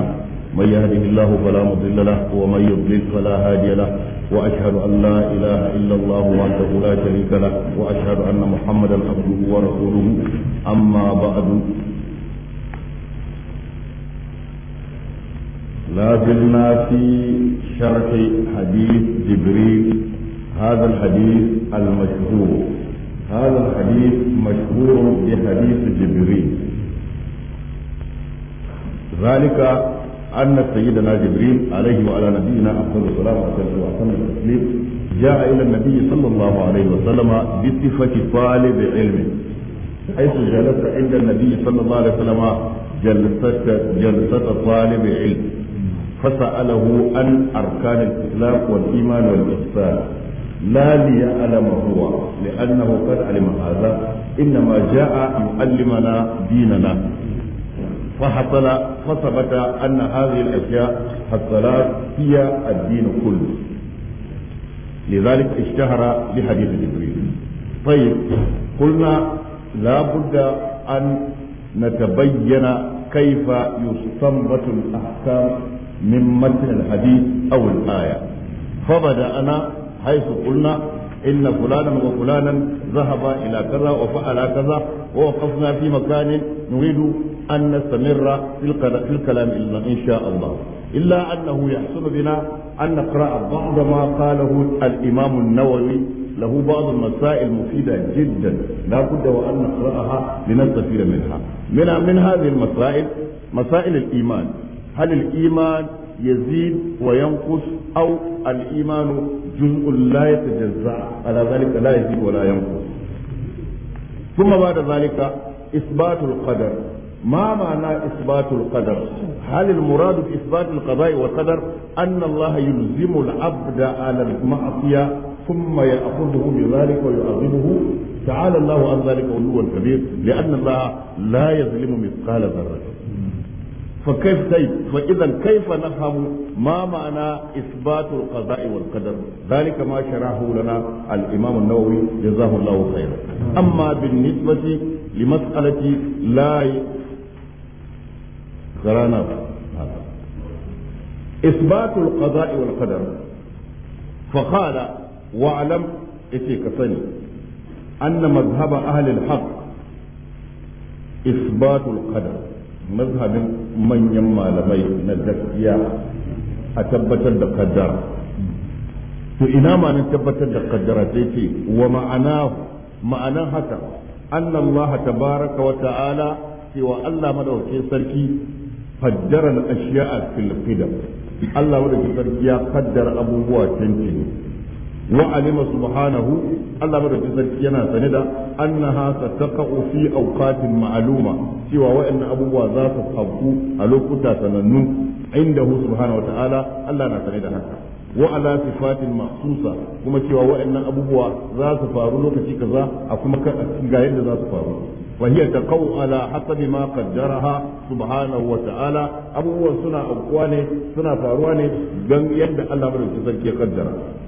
من يهده الله فلا مضل له ومن يضلل فلا هادي له واشهد ان لا اله الا الله وحده لا شريك له واشهد ان محمدا عبده ورسوله اما بعد لا زلنا في شرح حديث جبريل هذا الحديث المشهور هذا الحديث مشهور بحديث جبريل ذلك أن سيدنا جبريل عليه وعلى نبينا أفضل الصلاة والسلام التسليم جاء إلى النبي صلى الله عليه وسلم بصفة طالب علم حيث جلس عند النبي صلى الله عليه وسلم جلست جلسة طالب علم فسأله عن أركان الإسلام والإيمان والإحسان لا ليعلمه هو لأنه قد علم هذا إنما جاء يعلمنا ديننا فحصل فثبت أن هذه الأشياء الصلاة هي الدين كله لذلك اشتهر بحديث جبريل طيب قلنا لا بد أن نتبين كيف يستنبط الأحكام من متن الحديث أو الآية فبدأنا حيث قلنا إن فلانا وفلانا ذهبا إلى كذا وفعل كذا ووقفنا في مكان نريد أن نستمر في الكلام إن شاء الله إلا أنه يحسن بنا أن نقرأ بعض ما قاله الإمام النووي له بعض المسائل مفيدة جدا لا بد وأن نقرأها لنستفيد منها من من هذه المسائل مسائل الإيمان هل الإيمان يزيد وينقص أو الإيمان جزء لا يتجزأ على ذلك لا يزيد ولا ينقص ثم بعد ذلك إثبات القدر ما معنى إثبات القدر هل المراد بإثبات القضاء والقدر أن الله يلزم العبد على المعصية ثم يأخذه بذلك ويعظمه تعالى الله عن ذلك علوا كبير لأن الله لا يظلم مثقال ذرة فكيف كيف فإذا كيف نفهم ما معنى إثبات القضاء والقدر ذلك ما شرحه لنا الإمام النووي جزاه الله خيرا أما بالنسبة لمسألة لا قرانا إثبات القضاء والقدر فقال واعلم اتي سني أن مذهب أهل الحق إثبات القدر mazhabin manyan malamai na gaskiya a tabbatar da kaddara to ina ma'anar tabbatar da kaddara sai ce wa ma'ana ma'anar haka annallaha tabaraka wa ta'ala cewa Allah madaukakin sarki faddara al-ashya'a fil qidam Allah madaukakin sarki ya kaddara abubuwa tantini wa alima subhanahu Allah madaukakin sarki yana sane da annaha sataqa'u fi awqatin ma'luma cewa wa'annan abubuwa za su faku a lokuta sanannu indahu subhanahu wa ta'ala Allah na sane da haka wa ala sifatin mahsusa kuma cewa wa'annan abubuwa za su faru lokaci kaza a kuma ga yadda za su faru وهي تقو على حسب ما قدرها سبحانه وتعالى أبوه سنة أقواني سنة فارواني جن يد الله من الجزء قدرها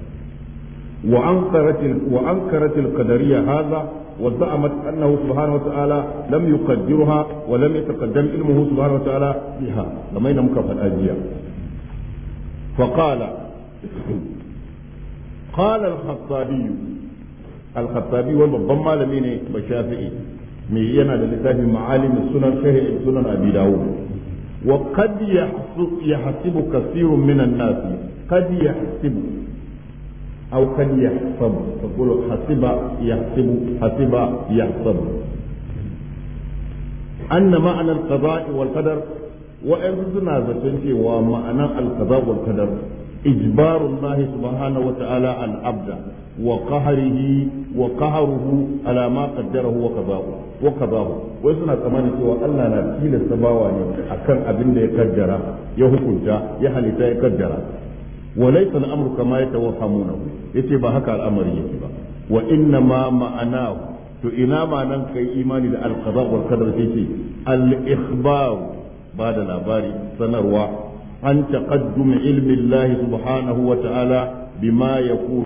وأنكرت وأنكرت القدرية هذا وزعمت أنه سبحانه وتعالى لم يقدرها ولم يتقدم علمه سبحانه وتعالى بها لما ينمك الأجيال فقال قال الخطابي الخطابي والببان malami ne ba shafi'i me yana da littafin ma'alim sunan sharhi sunan abi dawud wa qad yahsibu kasirun minan nas qad yahsibu أو قد يحسب تقول حسب يحسب حسب يحسب أن معنى القضاء والقدر وإرزنا ذاتنك ومعنى القضاء والقدر إجبار الله سبحانه وتعالى على العبد وقهره وقهره على ما قدره وقضاه وقضاه ويسنا كمان سوى ألا نبكي للسباوة أكن أبن يقدر يهكجا يهلتا يقدر wa laysa al-amru kama ya ce ba haka al'amari yake ba wa inna ma ma'anahu to ina ma nan kai imani da al-qada wal qadar yace al-ikhbar ba da labari sanarwa an taqaddum ilmi subhanahu wa ta'ala bima yakunu